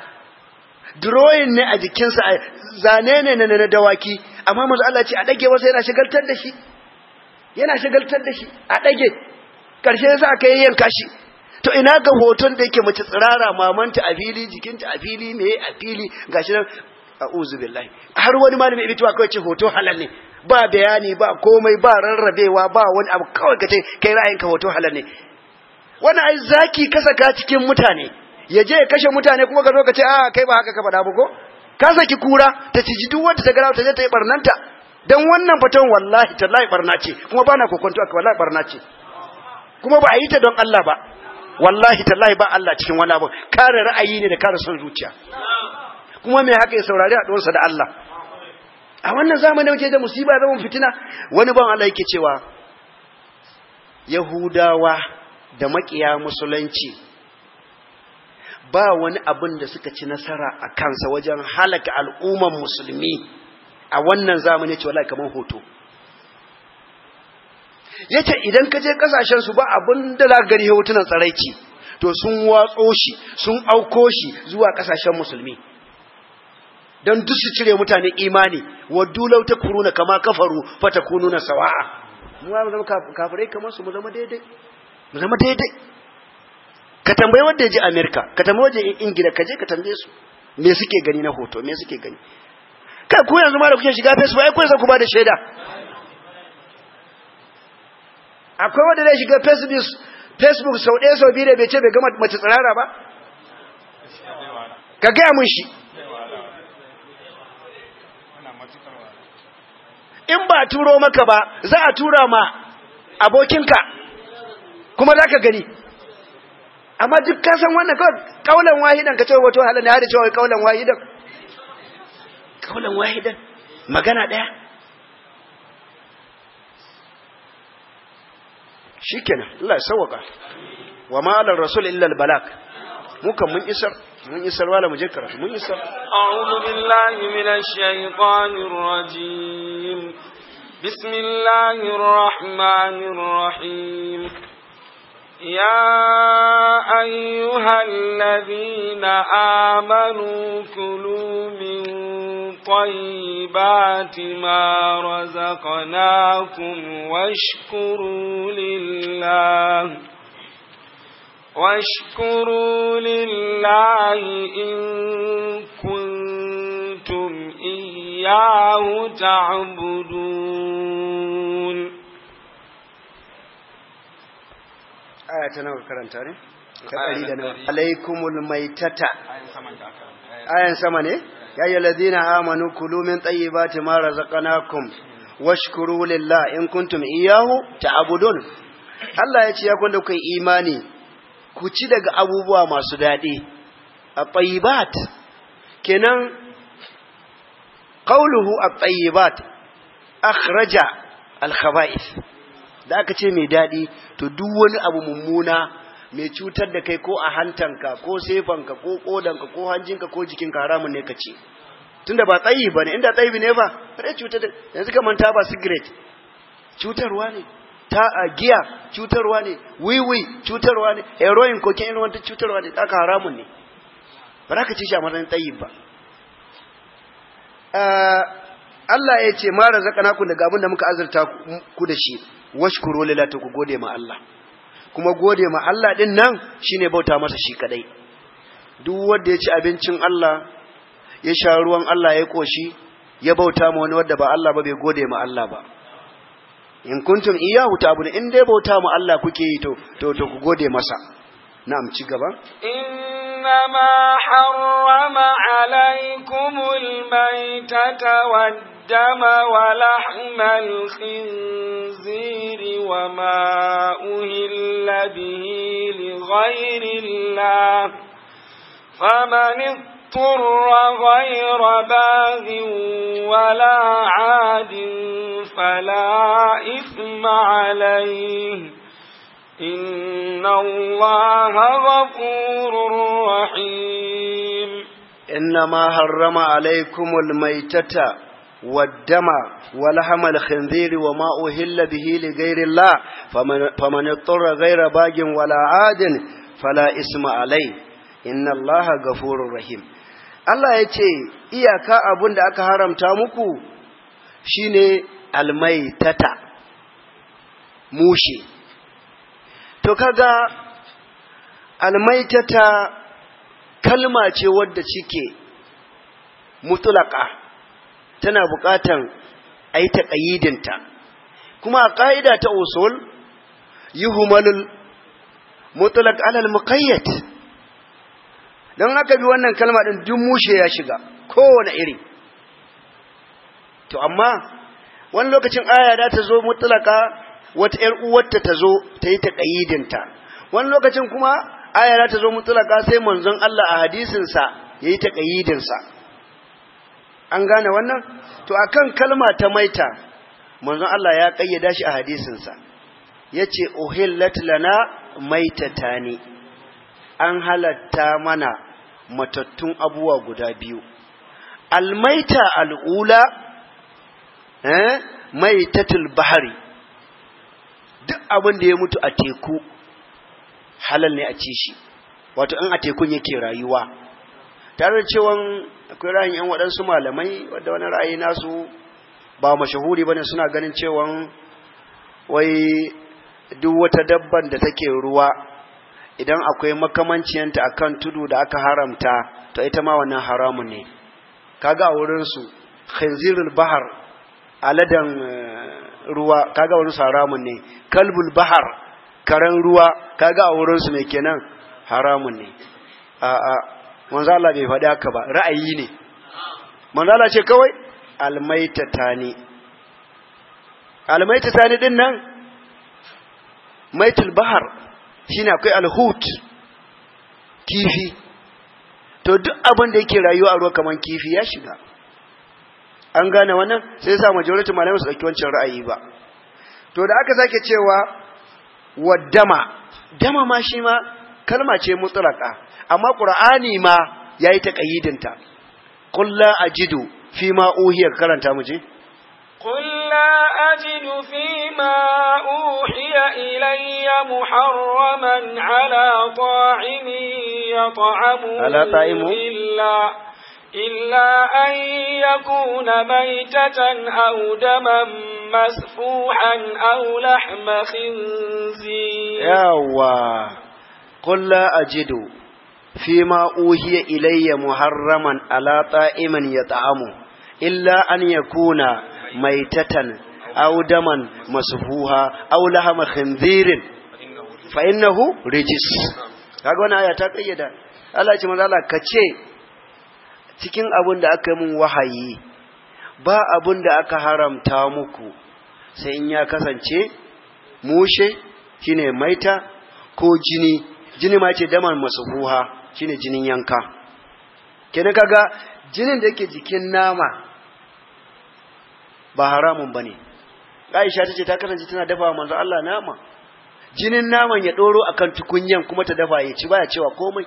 drawing ne a jikinsa zane ne na dawaki amma manzo Allah ce a dage wasa yana shigaltar da shi yana shigaltar da shi a dage karshe za ka yi yanka shi to ina ga hoton da yake mace tsirara mamanta a fili jikinta a fili me a fili gashi nan a'udhu billahi har wani malami ibn tuwa kawai ce hoto halal ne ba bayani ba komai ba rarrabewa ba wani abu kawai kace kai ra'ayinka hoto halal ne Wani ai zaki kasaka cikin mutane ya je ya kashe mutane kuma ka zo ka ce a ah, kai ba haka ka faɗa ba ko ka ki kura ta ciji duk wanda ta gara ta je ta yi barnanta dan wannan fatan wallahi tallahi barna ce kuma bana kokonto aka wallahi barna ce kuma ba a yi ta don Allah ba wallahi tallahi ba Allah cikin wani abu kare ra'ayi ne da kare son zuciya kuma me haka ya saurari a ɗonsa da Allah a wannan zamanin muke da musiba mun fitina wani ban Allah yake cewa yahudawa da makiya musulunci ba wani abin da suka ci nasara a kansa wajen halaka al'umman musulmi a wannan zamani ce wala kamar hoto ce idan ka je kasashen su ba abin da za gani hotunan tsaraici to sun watso shi sun auko shi zuwa kasashen musulmi don duk su cire mutane imani waddu law kuruna kama kafaru kununa sawa'a mu zama kafirai kamar su mu zama daidai ka tambayi wanda ya je amerika ka tambayi wanda ya ingila ka je ka tambaye su me suke gani na hoto me suke gani kai ku yanzu ma da kuke shiga facebook ai ku yanzu ku ba da shaida akwai wanda zai shiga facebook facebook sau ɗaya sau biyu da bai ce bai gama mace tsirara ba ka gaya mun shi in ba turo maka ba za a tura ma abokinka kuma za ka gani amma duk ka san wannan kawai kaulan wahidan ka cewa wato halal ya da cewa kaulan wahidan kaulan wahidan magana daya shikenan Allah ya sauka wa ma alal rasul illa al balak mu kan mun isar mun isar wala mu je karatu mun isar a'udhu billahi minash shaytanir rajim bismillahir rahmanir rahim يا أيها الذين آمنوا كلوا من طيبات ما رزقناكم واشكروا لله واشكروا لله إن كنتم إياه تعبدون aya ta nawa karanta ne ta da nawa alaikumul maitata ayan sama ne ya yi ladina amanu kulu min tayyibati ma razaqnakum washkuru lillah in kuntum iyahu ta'budun Allah ya ce ya kun da kai imani ku ci daga abubuwa masu dadi a tayyibat kenan qawluhu at-tayyibat akhraja al-khaba'ith da aka ce mai daɗi to duk wani abu mummuna mai cutar da kai ko a hantanka ko sefanka ko kodanka ko hanjinka ko jikinka haramun ne ka ce tunda ba tsayi ba ne inda tsayi ne ba bare cutar da yanzu kaman ba cigarette cutarwa ne ta a giya cutarwa ne wiwi cutarwa ne heroin kokin irin wata cutarwa ne aka haramun ne ba za ka ci shi a matsayin tsayi ba eh, Allah ya ce mara zaka naku daga abin da muka azurta ku da shi washkuru lillahi ku gode ma Allah kuma gode ma Allah din nan shine bauta masa shi kadai duk wanda ya ci abincin Allah ya sha ruwan Allah ya koshi ya bauta ma wani wanda ba Allah ba bai gode ma Allah ba in kuntum iyahu ta'budun in dai bauta ma Allah kuke yi to to ku gode masa na'am ci gaba harrama alaykumul maytata wa الدم ولحم الخنزير وما أهل به لغير الله فمن اضطر غير باغ ولا عاد فلا إثم عليه إن الله غفور رحيم إنما حرم عليكم الميتة والدم ولحم الخنزير وما أهل به لغير الله فمن, فمن اضطر غير باج ولا عاد فلا اسم عليه إن الله غفور رحيم Allah ya ce, Iyaka abin da aka haramta muku shine ne almaitata, mushe. To, kaga almaitata kalma ce wadda cike mutulaka tana buƙatan a yi taƙayidinta kuma a ƙa'ida ta usul yi humalul mutulak alal muƙayyat don haka bi wannan kalma ɗin duk mushe ya shiga kowane iri to amma wani lokacin aya da ta zo mutulaka wata ‘yar uwarta ta zo ta yi taƙayidinta wani lokacin kuma aya da ta zo mutulaka sai manzon Allah a hadisinsa ya yi taƙayidinsa an gane wannan to akan kalma ta maita manzon Allah ya kayyada shi a hadisinsa yace uhillat lana maitatani an halatta mana matattun abuwa guda biyu almaita al'ula eh maitatul bahari duk abin da ya mutu a teku halal ne a ci shi wato in a tekun yake rayuwa tare da cewa akwai ra'ayin yan waɗansu malamai wadda wani ra'ayi nasu ba mashahuri bane suna ganin cewa wai duk wata dabban da take ruwa idan akwai makamanciyanta akan tudu da aka haramta to ita ma wannan haramun ne kaga a wurin su khinzirul bahar aladan eh, ruwa kaga wani su haramun ne kalbul bahar karen ruwa kaga a wurin su ne kenan haramun ne a'a manzo Allah bai faɗi haka ba ra'ayi ne manzo Allah ce kawai almaitatani almaitatani din nan maitul bahar shine akwai alhut kifi to duk abin da yake rayuwa a ruwa kaman kifi ya shiga an gane wannan sai sa majority malamai su ɗauki wancan ra'ayi ba to da aka sake cewa waddama dama ma shi ma kalma ce mutlaka amma ƙura'ani ma ya yi ta ƙayyidinta. Kulla a jido fi ma'uhiya ka karanta muje? Kulla a jido fi ma'uhiya ilayya muharraman ala ta'ini ya ta'amu ala ta'imu illa an yakuna maitatan aw daman masfuhan aw lahma khinzir yawa qul la ajidu fi ma uhiya ilayya muharraman ala ta'iman ya ta'amu illa an yakuna maitatan aw daman masfuha aw lahama khinzirin fa innahu rijis kaga wannan aya ta kayyada Allah ya ce kace cikin abin da aka yi mun wahayi ba abin da aka haramta muku sai in ya kasance mushe shine maita ko jini jini ma ce daman masuhuha shine jinin yanka kene kaga jinin da yake jikin nama ba haramun bane Aisha tace ta kasance tana dafa wa manzo Allah nama jinin naman ya doro akan tukunyan kuma ta dafa ya ci baya cewa komai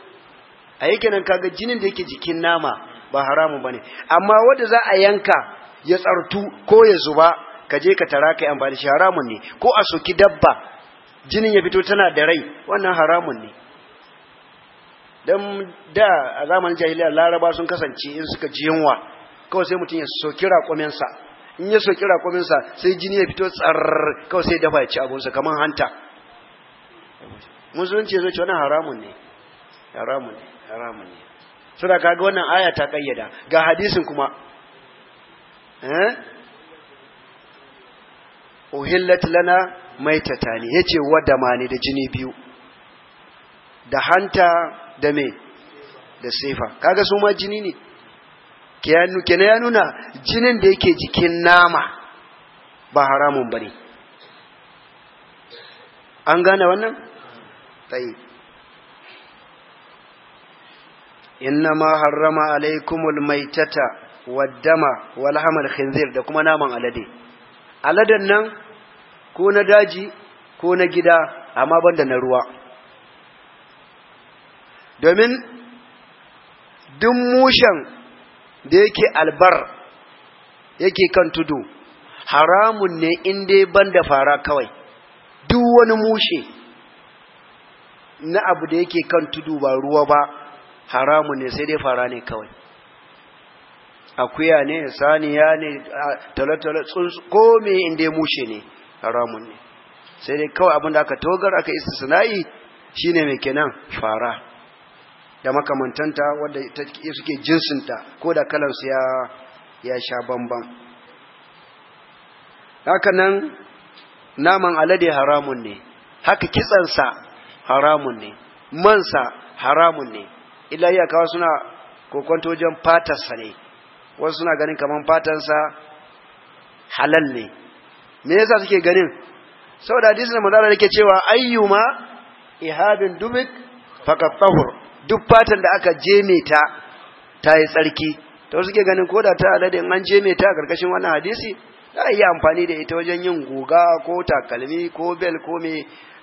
a yake nan kaga jinin da yake jikin nama ba haramun bane amma wanda za a yanka ya tsartu ko ya zuba ka je ka tara kai amfani shi haramun ne ko a soki dabba jinin ya fito tana da rai wannan haramun ne dan da a zamanin jahiliya laraba sun kasance in suka ji yunwa kawai sai mutum ya soki raƙuminsa in ya soki raƙuminsa sai jini ya fito tsar kawai sai dafa ya ci abunsa kamar hanta musulunci zai ce wani haramun ne haramun ne haramun ne suna kaga wannan aya ta kayyada ga hadisin kuma eh uhillat lana maitatani yace wadama ne da jini biyu da hanta da me da sefa kaga su ma jini ne ke na ya nuna jinin da yake jikin nama ba haramun ba ne an gane wannan? tsaye ma harrama alaikumul maitata waddama walhamar khinzir da kuma naman alade aladen nan ko na daji ko na gida amma banda na ruwa domin duk mushen da yake albar yake kan tudu haramun ne in dai ban da fara kawai duk wani mushe na abu da yake kan tudu ba ruwa ba haramun ne sai dai fara ne kawai akuya ne saniya ne talatala ko me in dai mushe ne haramun ne sai dai kawai abin da aka togar aka isa sunayi shine mai kenan fara da makamantanta wadda suke jinsinta ko da kalarsu ya ya sha bambam. Hakanan naman alade haramun ne haka kitsansa haramun ne mansa haramun ne illa iyakawa suna kokonto wajen fatarsa ne wasu suna ganin kamar fatansa halal ne me yasa suke ganin saboda hadisin manzo da ke cewa ayyuma ihabin dubik tahur duk fatan da aka jeme ta ta yi tsarki ta suke ganin ko da ta alade in an jeme ta a karkashin wannan hadisi za a iya amfani da ita wajen yin guga ko takalmi ko bel ko me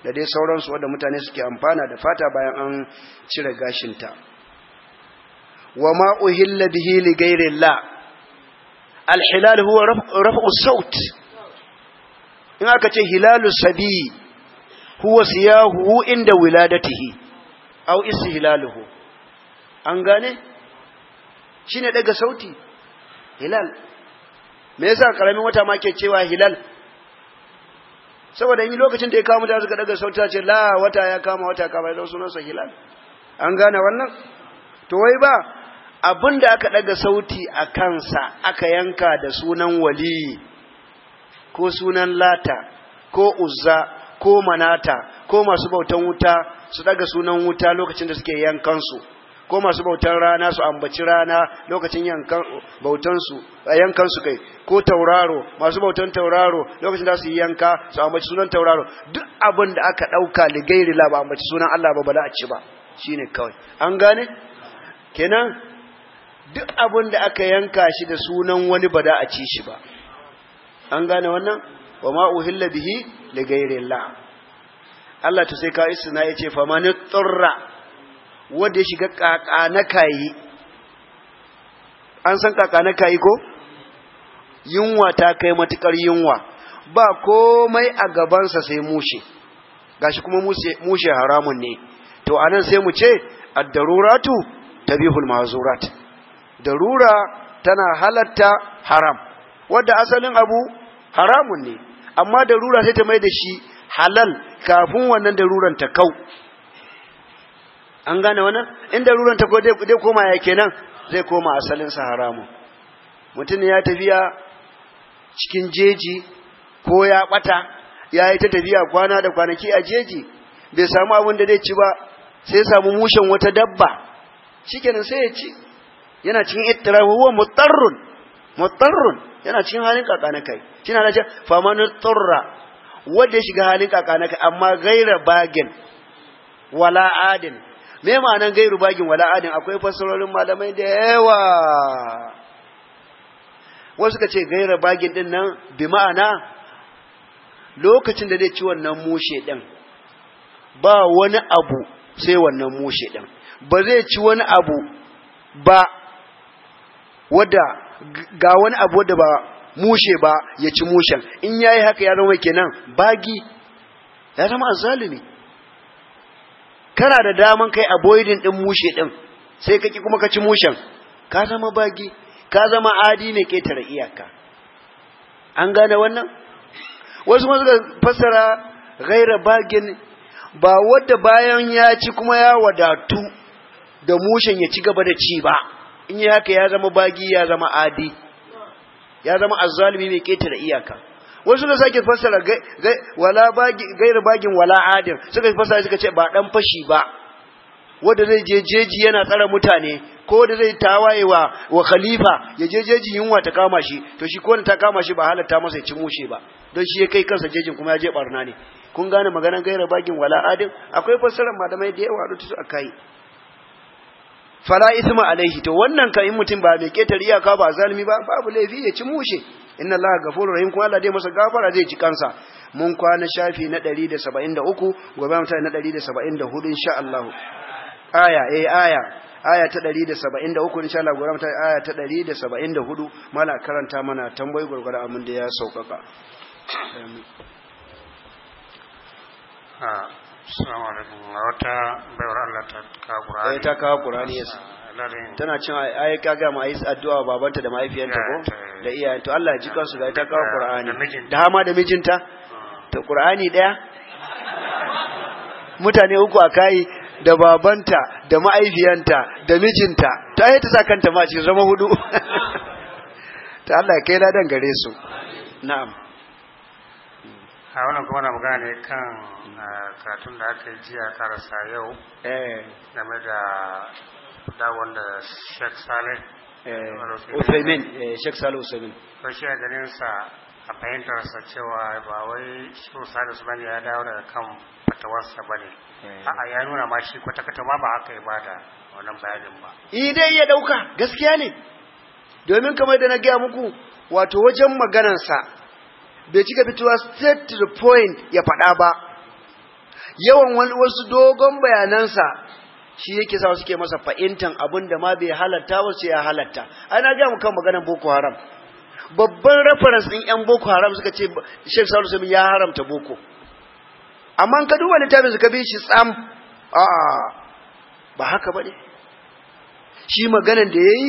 da dai sauransu wadda mutane suke amfana da fata bayan an cire gashinta wa ma uhilla bihi li ghairi llah al hilal huwa raf'u sawt in aka ce hilalu sabi huwa siyahu inda wiladatihi au istihlaluhu an gane shine daga sauti hilal me yasa karamin wata ma ke cewa hilal saboda in lokacin da ya kama da suka daga ta ce la wata ya kama wata kama ya sunan sa hilal an gane wannan to wai ba abinda aka daga sauti a kansa aka yanka da sunan wali ko sunan lata ko uzza ko manata ko masu bautan wuta su daga sunan wuta lokacin da suke yankansu ko masu bautan rana su ambaci rana lokacin bautansu a yankansu kai ko tauraro masu bautan tauraro lokacin da su yi yanka su ambaci sunan tauraro duk abin da aka ɗauka ligairi la ba ambaci sunan Allah ba bala a ci ba shine kawai an gane kenan duk abin da aka yanka shi da sunan wani ba da a ci shi ba an gane wannan wa ma uhilla bihi ligairi la Allah ta sai kawo suna ya ce famani tsurra wanda ya shiga kaka na kayi an san kaka na kayi ko yunwa ta kai matukar yunwa ba komai a gabansa sai mushe gashi kuma mushe haramun ne to anan sai mu ce ad-daruratu tabihul mazurat darura tana halatta haram wadda asalin abu haramun ne amma darura sai ta mai da shi halal kafin wannan daruran ta kau an gane wannan in daruran ta kau zai koma ya kenan zai koma asalin sa haramun mutum ya tafiya cikin jeji ko ya bata ya yi ta tafiya kwana da kwanaki a jeji bai samu abin da zai ci ba sai samu mushen wata dabba shikenan sai ya ci yana cikin ittirahu huwa mutarrun mutarrun yana cikin halin kakana kai kina da ce manu turra wanda ya shiga halin kai amma gaira bagin wala adin me ma'anan gairu bagin wala adin akwai fassarorin malamai da yawa wasu ka ce gaira bagin din nan bi ma'ana lokacin da zai ci wannan mushe din ba wani abu sai wannan mushe din ba zai ci wani abu ba wadda ga wani abu wadda ba mushe ba ya ci mushen in yayi haka ya zama kenan bagi ya zama azzalumi kana da daman kai avoiding din mushe din sai ka ki kuma ka ci mushen ka zama bagi ka zama adi ne ketare iyaka an gane wannan wasu ma suka fassara gaira bagin ba wadda bayan ya ci kuma ya wadatu da mushen ya ci gaba da ci ba in yi haka ya zama bagi ya zama adi ya zama azzalimi mai ketare iyaka wasu da sake fassara wala bagi bagin wala adin suka fassara suka ce ba dan fashi ba wanda zai je jeji yana tsara mutane ko da zai tawaye wa wa khalifa ya je jeji yunwa ta kama shi to shi ko ta kama shi ba halatta masa ya ci mushe ba don shi ya kai kansa jejin kuma ya je barna ne kun gane maganar gaira bagin wala adin akwai fassarar malamai da yawa da su akai fala isma alaihi to wannan kan in mutum ba mai ketare iyaka ba zalimi ba babu laifi ya ci mushe inna allaha ghafurur rahim kuma Allah dai masa gafara zai ji kansa mun kwana shafi na 173 gobe mu na 174 insha Allah aya eh aya aya ta 173 insha Allah gobe mu aya ta 174 mala karanta mana tambayi gurgura amin da ya saukaka ah. Assalamu alaikum wata bayar Allah ta kawo Qur'ani. Eh, ta kawo Qur'ani yes. Ah, Tana cin ai ka ga mu addu'a wa babanta da mahaifiyanta ko da iyayen to Allah ya ji kansu ga ta kawo Qur'ani. Da hama da mijinta to Qur'ani daya. Mutane uku a kai da babanta da mahaifiyanta da mijinta ta yi ta sa kanta ma cikin zama hudu. ta Allah ya kai ladan gare su. Na'am. a wannan kuma na magana ne kan karatun da aka yi jiya karasa yau eh. game da dawon da shek Saleh eh, Uthaymin eh, shek Saleh Uthaymin to shi a ganin sa a fahimtar sa cewa ba wai Sheikh su bane ya dawo daga kan fatawarsa bane a'a ya nuna ma shi kwata kwata ma ba da ibada wannan bayanin ba idai ya dauka gaskiya ne domin kamar da na gaya muku wato wajen maganarsa bai cika fitowa straight to the point ya faɗa ba yawan wasu dogon bayanansa shi yake sa suke masa fa'intan abin da ma bai halatta ba sai ya halatta ana ga mu kan maganar boko haram babban reference ɗin yan boko haram suka ce Sheikh Salisu Sami ya haramta boko amma ka duba littafin suka bi shi tsam a ba haka bane shi maganar da yayi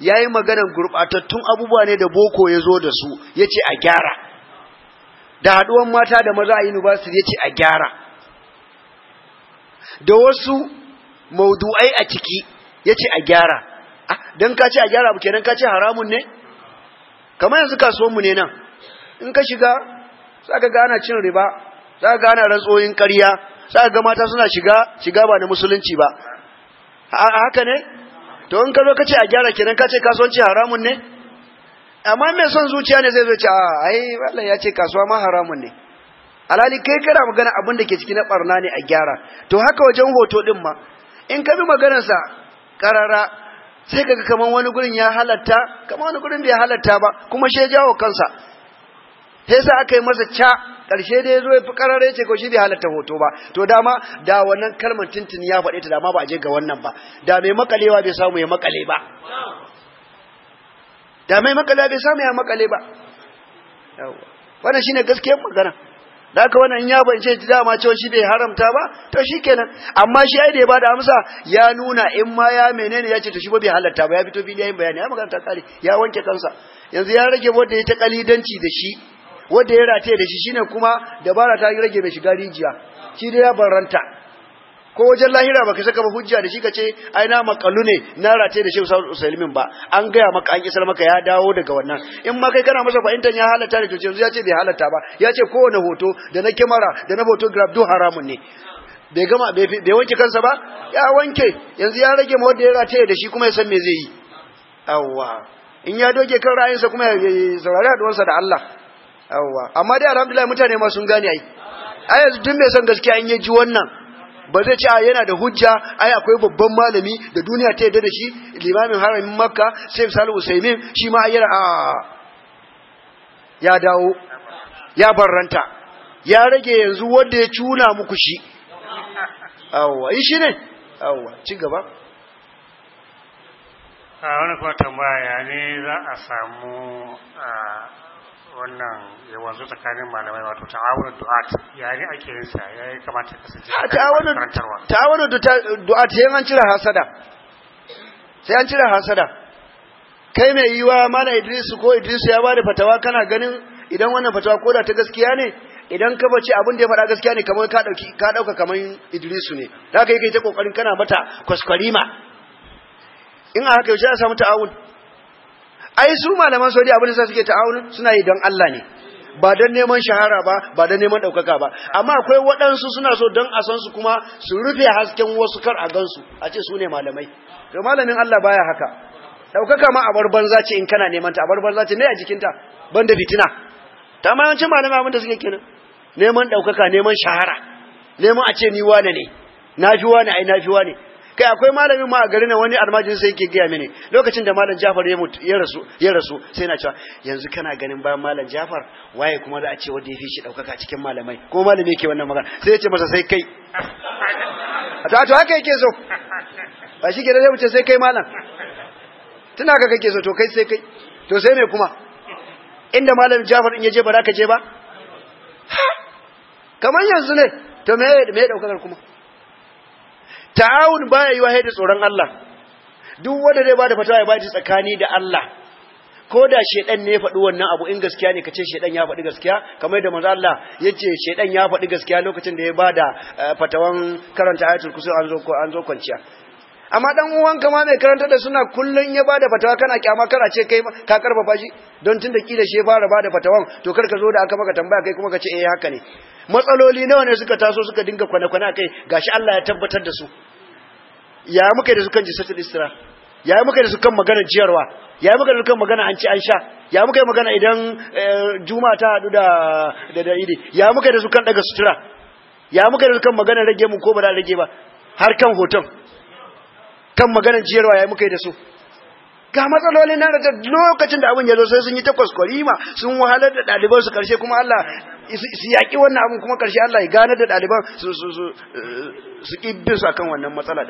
yayi maganar gurbatattun abubuwa ne da boko ya zo da su ya ce a gyara da haduwan mata da maza a university ya ce a gyara da wasu maudu'ai a ciki ya ce a gyara ah, don ka ce a gyara kenan ka ce haramun ne kamar yanzu kasuwanmu ne nan in ka shiga za ka gana cin riba za ka gana rantsoyin karya, za ka ga mata suna shiga shiga ba da musulunci ba haka ne to in ka zo ka ce a gyara kenan ka ce kasuwanci haramun ne amma mai son zuciya ne zai zo ce a ah, ai wallahi ya ce kasuwa ma haramun ne alhali kai kana magana abin da ke ciki na barna ne a gyara to haka wajen hoto din ma in ka bi maganarsa karara sai kaga kaman wani gurin ya halatta kaman wani gurin bai halatta ba kuma shi ya jawo kansa sai sa aka yi masa ca karshe da ya zo ya fi karara ya ce ko shi bai halatta hoto ba to dama da wannan kalmar tintin ya faɗe ta dama ba a je ga wannan ba da mai makalewa bai samu ya makale ba da mai makala bai samu ya makale ba wannan shine gaskiyar magana da haka wannan ya bance ji dama cewa shi bai haramta ba to shi kenan. amma shi ai da ya bada amsa ya nuna in ma ya menene ya ce to shi ba bai halatta ba ya fito fili yayin bayani ya magana ta kare ya wanke kansa yanzu ya rage wanda ya ta kalidanci da shi wanda ya rataye da shi shine kuma dabara ta rage mai shiga rijiya shi dai ya baranta. ko wajen lahira baka saka ba hujja da shi ce ai na makalu ne na race da Sheikh Usaimin ba an gaya maka an isar maka ya dawo daga wannan in ma kai kana masa fahimtar ya halatta da yanzu ya ce bai halatta ba ya ce kowane hoto da na kyamara da na photograph duk haramun ne bai gama bai wanke kansa ba ya wanke yanzu ya rage ma wanda ya race da shi kuma ya san me zai yi awwa in ya doge kan ra'ayinsa kuma ya saurari haduwarsa da Allah awwa amma dai alhamdulillah mutane ma sun gane ai ai yanzu tun bai san gaskiya in ya ji wannan ba zai ce a yana da hujja ai akwai babban malami da duniya ta yadda da shi limamin haramin makka sai salihu usaimin shi ma ayyana a ya dawo ya barranta ya rage yanzu wanda ya cuna muku shi awa yi shi ne awa, ci gaba a wani kuma tambaya ne za a samu wannan ya wanzu tsakanin malamai wato ta'awunar du'at ya ake yin sa ya kamata kasance sace ta'awunar ta'awunar du'at sai an cire hasada sai an cire hasada kai mai yiwa mana Idris ko Idris ya bada fatawa kana ganin idan wannan fatawa koda ta gaskiya ne idan ka bace abin da ya faɗa gaskiya ne kamar ka dauki ka dauka kamar Idrisu ne zaka yi kai ta kokarin kana mata kwaskwarima in a haka yaushe za samu ta'awun ai su malaman saudi abin da suke ta'aunin suna yi don Allah ne ba don neman shahara ba ba don neman ɗaukaka ba amma akwai waɗansu suna so don a san su kuma su rufe hasken wasu kar a gansu a ce su ne malamai to malamin Allah baya haka ɗaukaka ma a bar banza ce in kana neman ta a bar banza ce ne a jikinta ban da fitina ta ma yawancin malamai abin da suke kenan neman ɗaukaka neman shahara neman a ce ni wane ne na fi wane ai na fi wane kai akwai malamin ma a garin nan wani almajiri sai yake gaya mini lokacin da malam Jafar ya mutu ya rasu ya rasu sai na cewa yanzu kana ganin bayan malam Jafar waye kuma za a ce wanda ya fi shi daukaka cikin malamai ko malami yake wannan magana sai ya ce masa sai kai a ta to haka yake so ba shi ke da zai wuce sai kai malam tuna ka kake so to kai sai kai to sai me kuma inda malam Jafar in ya je ba za ka je ba kamar yanzu ne to me me daukakar kuma ta'awun baya yiwa da tsoron Allah duk wanda zai ba da fatawa ya bada tsakani da Allah ko da shedan ne ya faɗi wannan abu in gaskiya ne kace shedan ya faɗi gaskiya kamar da manzo Allah yace shedan ya faɗi gaskiya lokacin da ya bada eh, fatawan karanta ayatul kursi an zo an zo kwanciya amma dan uwan kama mai karanta da suna kullun ya bada fatawa kana kyama kana ce kai ka karfafa shi don tun da kila shi fara da fatawan to kar ka zo da aka maka tambaya kai kuma ka ce eh haka ne matsaloli nawa ne suka taso suka dinga kwana-kwana kai gashi Allah ya tabbatar da su ya muka da su kan jisatul istira ya muka da su kan magana ciyarwa ya muka da su kan magana an ci an sha ya muka yi magana idan eh, juma'a ta hadu da da idi ya muka da su kan daga sutura ya muka da su kan magana rage mu ko ba da rage ba har kan hoton kan maganar ciyarwa ya muka yi da su ga matsalolin nan da lokacin da abin ya zo sai sun yi takwas kwarima sun wahalar da ɗaliban su karshe kuma Allah su yaƙi wannan abin kuma karshe Allah ya gane da ɗaliban su su su eh, su ƙibbin su akan wannan matsala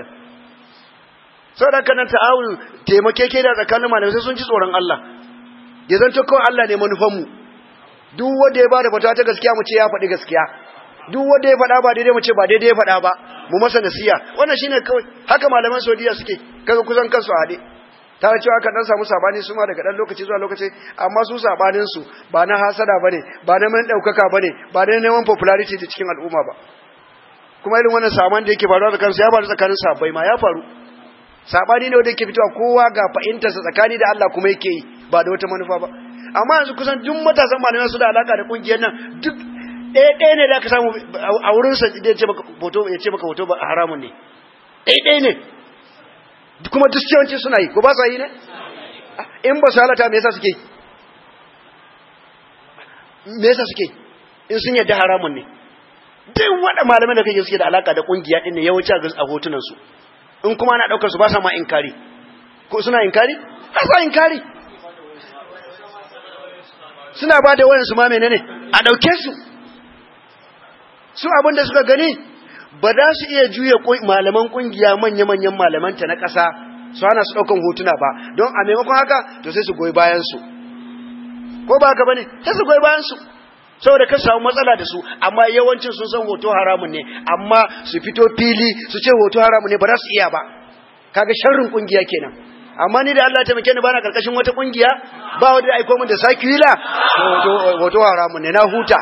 sau da kanan ta'awun taimakeke da tsakanin malamai sai sun ji tsoron Allah ya zan kawai Allah ne manufanmu duk wanda ya bada fata ta gaskiya mu ce ya faɗi gaskiya duk wanda ya faɗa ba daidai mu ce ba daidai ya faɗa ba mu masa nasiya wannan shine kawai haka malaman Saudiya suke kaga kusan kansu a haɗe ta cewa aka dan samu sabani su ma daga dan lokaci zuwa lokaci amma su sabanin su ba na hasada bane ba na man daukaka bane ba na neman popularity da cikin al'umma ba kuma irin wannan saman da yake faruwa da kansa ya faru tsakanin sabai ma ya faru sabani ne wanda yake fitowa kowa ga sa tsakani da Allah kuma yake yi ba da wata manufa ba amma yanzu kusan duk matasan malamai su da alaka da kungiyar nan duk ɗaya ne da aka samu a wurin wurinsa ya ce maka hoto ba haramun ne ɗaya ne kuma duk yawanci suna yi ko ba sa yi ne in ba su halata me yasa suke me yasa suke in sun yadda haramun ne duk wanda malamai da kake suke da alaka da kungiya din ne yawanci a hotunan su in kuma ana daukar su ba sa ma inkari ko suna inkari ba sa inkari suna ba da wayan su ma menene a dauke su su abin da suka gani ba za su iya juya malaman kungiya manya-manyan malamanta na ƙasa su hana su ɗaukan hotuna ba don a maimakon haka to sai su goyi bayansu ko ba ka bane ne sai su goyi bayansu saboda kan samu matsala da su amma yawancin sun san hoto haramun ne amma su fito fili su ce hoto haramun ne ba za su iya ba kaga sharrin kungiya kenan amma ni da Allah ta mike ni bana karkashin wata kungiya ba wanda aiko min da to hoto haramun ne na huta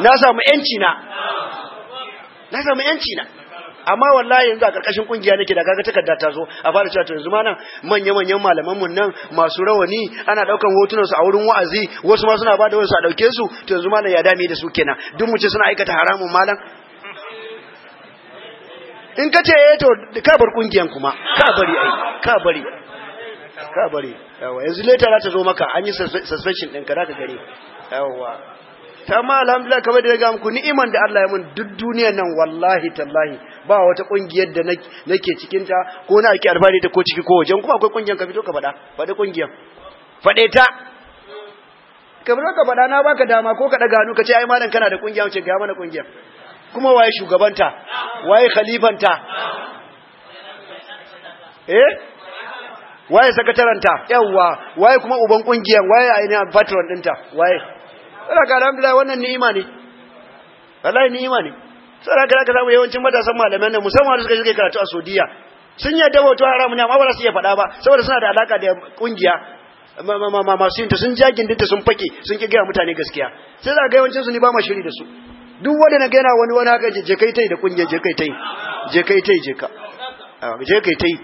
na samu yanci na na samu yanci na amma wallahi yanzu a karkashin kungiya nake da kaga takarda ta zo a fara cewa to yanzu ma nan manya manyan malaman mun nan masu rawani ana daukan hotunan su a wurin wa'azi wasu ma suna bada wasu a dauke su to yanzu nan ya dame da su kenan duk mu ce suna aikata haramun malam in ka ce eh to ka bar kungiyan kuma ka bari ai ka bari ka bari yawa yanzu leta za ta zo maka an yi suspension ɗinka za ka gare yawa ta alhamdulillah kamar da ga muku ni'iman da Allah ya mun duk duniyar nan wallahi tallahi ba wata kungiyar da nake cikin ta ko na ake alfahari ta ko ciki ko wajen kuma akwai kungiyar ka fito ka faɗa fada kungiyar fade ta ka fito ka faɗa na baka dama ko ka daga hannu ka ce ai malam kana da kungiya ce ga mana kungiyar kuma waye shugabanta waye khalifanta eh waye sakataranta yawa waye kuma uban kungiyar waye ainihin patron ta waye ga alhamdulillah wannan ni'ima ne wallahi ni'ima ne sai haka zaka samu yawancin matasan malaman nan musamman da suka shiga karatu a Saudiya sun yadda wato haramu ne amma ba za su iya faɗa ba saboda suna da alaka da kungiya masu yin ta sun jagin dinta sun fake sun ki gaya mutane gaskiya sai za ga yawancin su ni ba ma shiri da su duk wanda na ga yana wani wani haka je kai tai da kungiya je kai tai je kai tai je ka je kai tai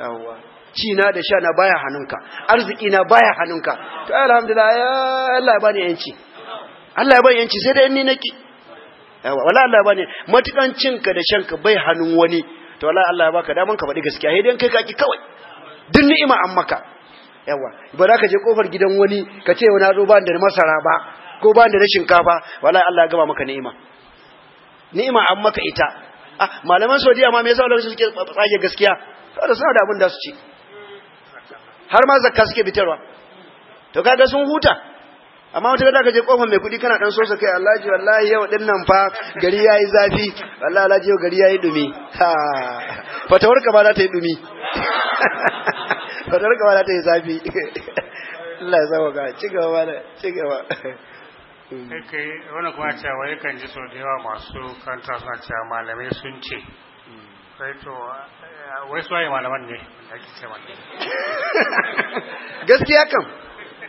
yawa ci na da sha na baya hannunka arziki na baya hannunka to alhamdulillah ya Allah ya bani yanci Allah ya ban yanci sai dai ni naki wala Allah bani matukan cinka da shanka bai hannun wani to wala Allah ya baka daman ka faɗi gaskiya sai dai kai kaki kawai duk ni'ima an maka yawa ba za ka je kofar gidan wani ka ce wani zo ba da masara ba ko ba da shinkafa wala Allah ya gaba maka ni'ima ni'ima an maka ita ah malaman Saudiya ma me yasa lokacin suke tsage gaskiya saboda suna da abin da su ci har ma zakka suke bitarwa to kaga sun huta amma wata da ka je kofar mai kuɗi kana dan sosa kai alhaji wallahi yau din nan fa gari yayi zafi wallahi alhaji yau gari yayi dumi ha fatawar ka ba za ta yi dumi fatawar ka ba za ta yi zafi Allah ya saka ga ci gaba da ci gaba kai wani kuma cewa kan ji sau da yawa masu kanta suna cewa malamai sun ce kai to eh, wai suwaye malaman ne da ake ce gaskiya kam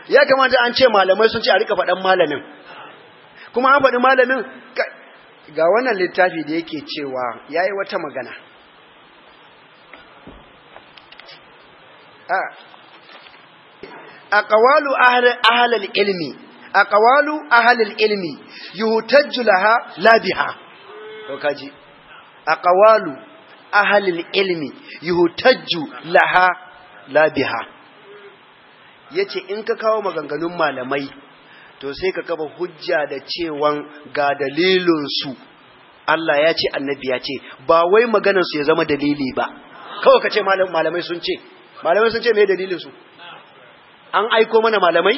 ya kamata an ce malamai sun ce a rika faɗan malamin kuma an faɗi malamin ga wannan littafi da yake cewa ya yi wata magana a ah. ƙawalu ahalar ilmi a ƙawalu ahalar ilmi yuhutajju labiha ɗaukaji a ƙawalu ahalar ilmi laha labiha yace in ka kawo maganganun malamai to sai ka kaba hujja da cewan ga dalilinsu Allah ya ce annabi ya ce ba wai maganansu ya zama dalili ba kawai ka ce malamai sun ce malamai sun ce me dalilinsu an aiko mana malamai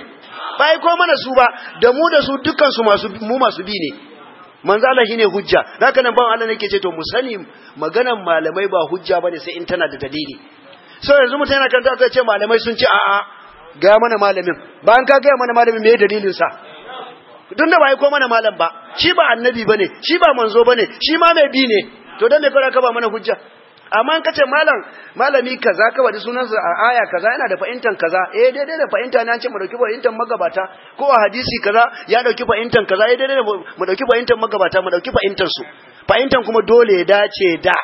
ba aiko mana su ba da mu da su dukansu mu masu bi ne manzo Allah shine hujja haka nan ban Allah nake ce to mu sani malamai ba hujja bane sai in tana da dalili so yanzu mutane kan ta ce malamai sun ce a'a Gaya mana malamin bayan ka gaya mana malamin me dalilin sa duk da ba yi ko mana malam ba shi ba annabi bane shi ba manzo bane shi ma mai bi ne to dan me fara ka ba mana hujja amma in kace malam malami kaza ka wadi sunansa a aya kaza yana da fahimtar kaza eh daidai da fahimta ne an ce mu dauki magabata ko a hadisi kaza ya dauki fahimtan kaza eh daidai da mu dauki fahimtan magabata mu dauki fa'intan su fahimtan kuma dole ya dace da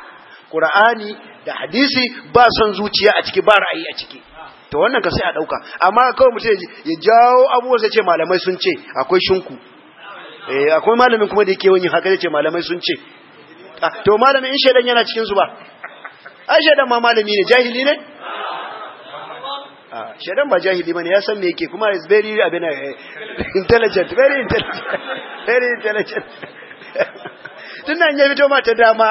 Qur'ani da hadisi ba son zuciya a ciki ba ra'ayi a ciki to wannan ka sai a dauka amma kawai mutum ya jawo abubuwa sai ce malamai sun ce akwai shinku eh akwai malamin kuma da yake wani haka sai ce malamai sun ce ah, to malamin in shedan yana cikin su ba ai shedan ma malami ne jahili ne ah, shedan ba jahili bane ya san me yake kuma is very abin eh, intelligent very intelligent very intelligent tunan ya fito ma ta dama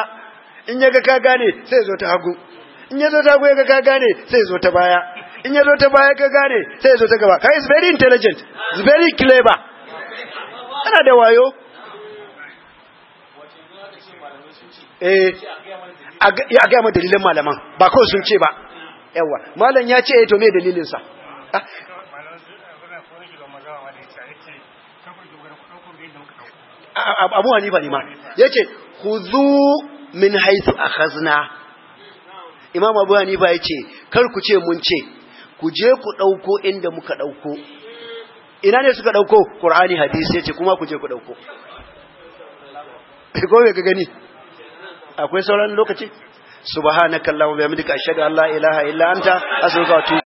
in ya ga ka gane sai zo ta hagu in ya zo ta hagu ya ga ka gane sai zo ta baya in ya zo ta baya ka gane sai ya zo ta gaba kai is very intelligent is very clever ana da wayo eh a ga ma dalilin malaman ba ko sun ce ba yawa malam ya ce eh to me dalilin sa ah. abu ba ne ma yace huzu min a khazna imam abu ba ya kar ku ce mun ce ku je ku ɗauko inda muka ɗauko ina ne suka ɗauko ƙur'ani hadisi ya ce kuma ku je ku ɗauko ko me ka gani akwai sauran lokaci subhanakallahumma bihamdika ashhadu an la ilaha illa anta astaghfiruka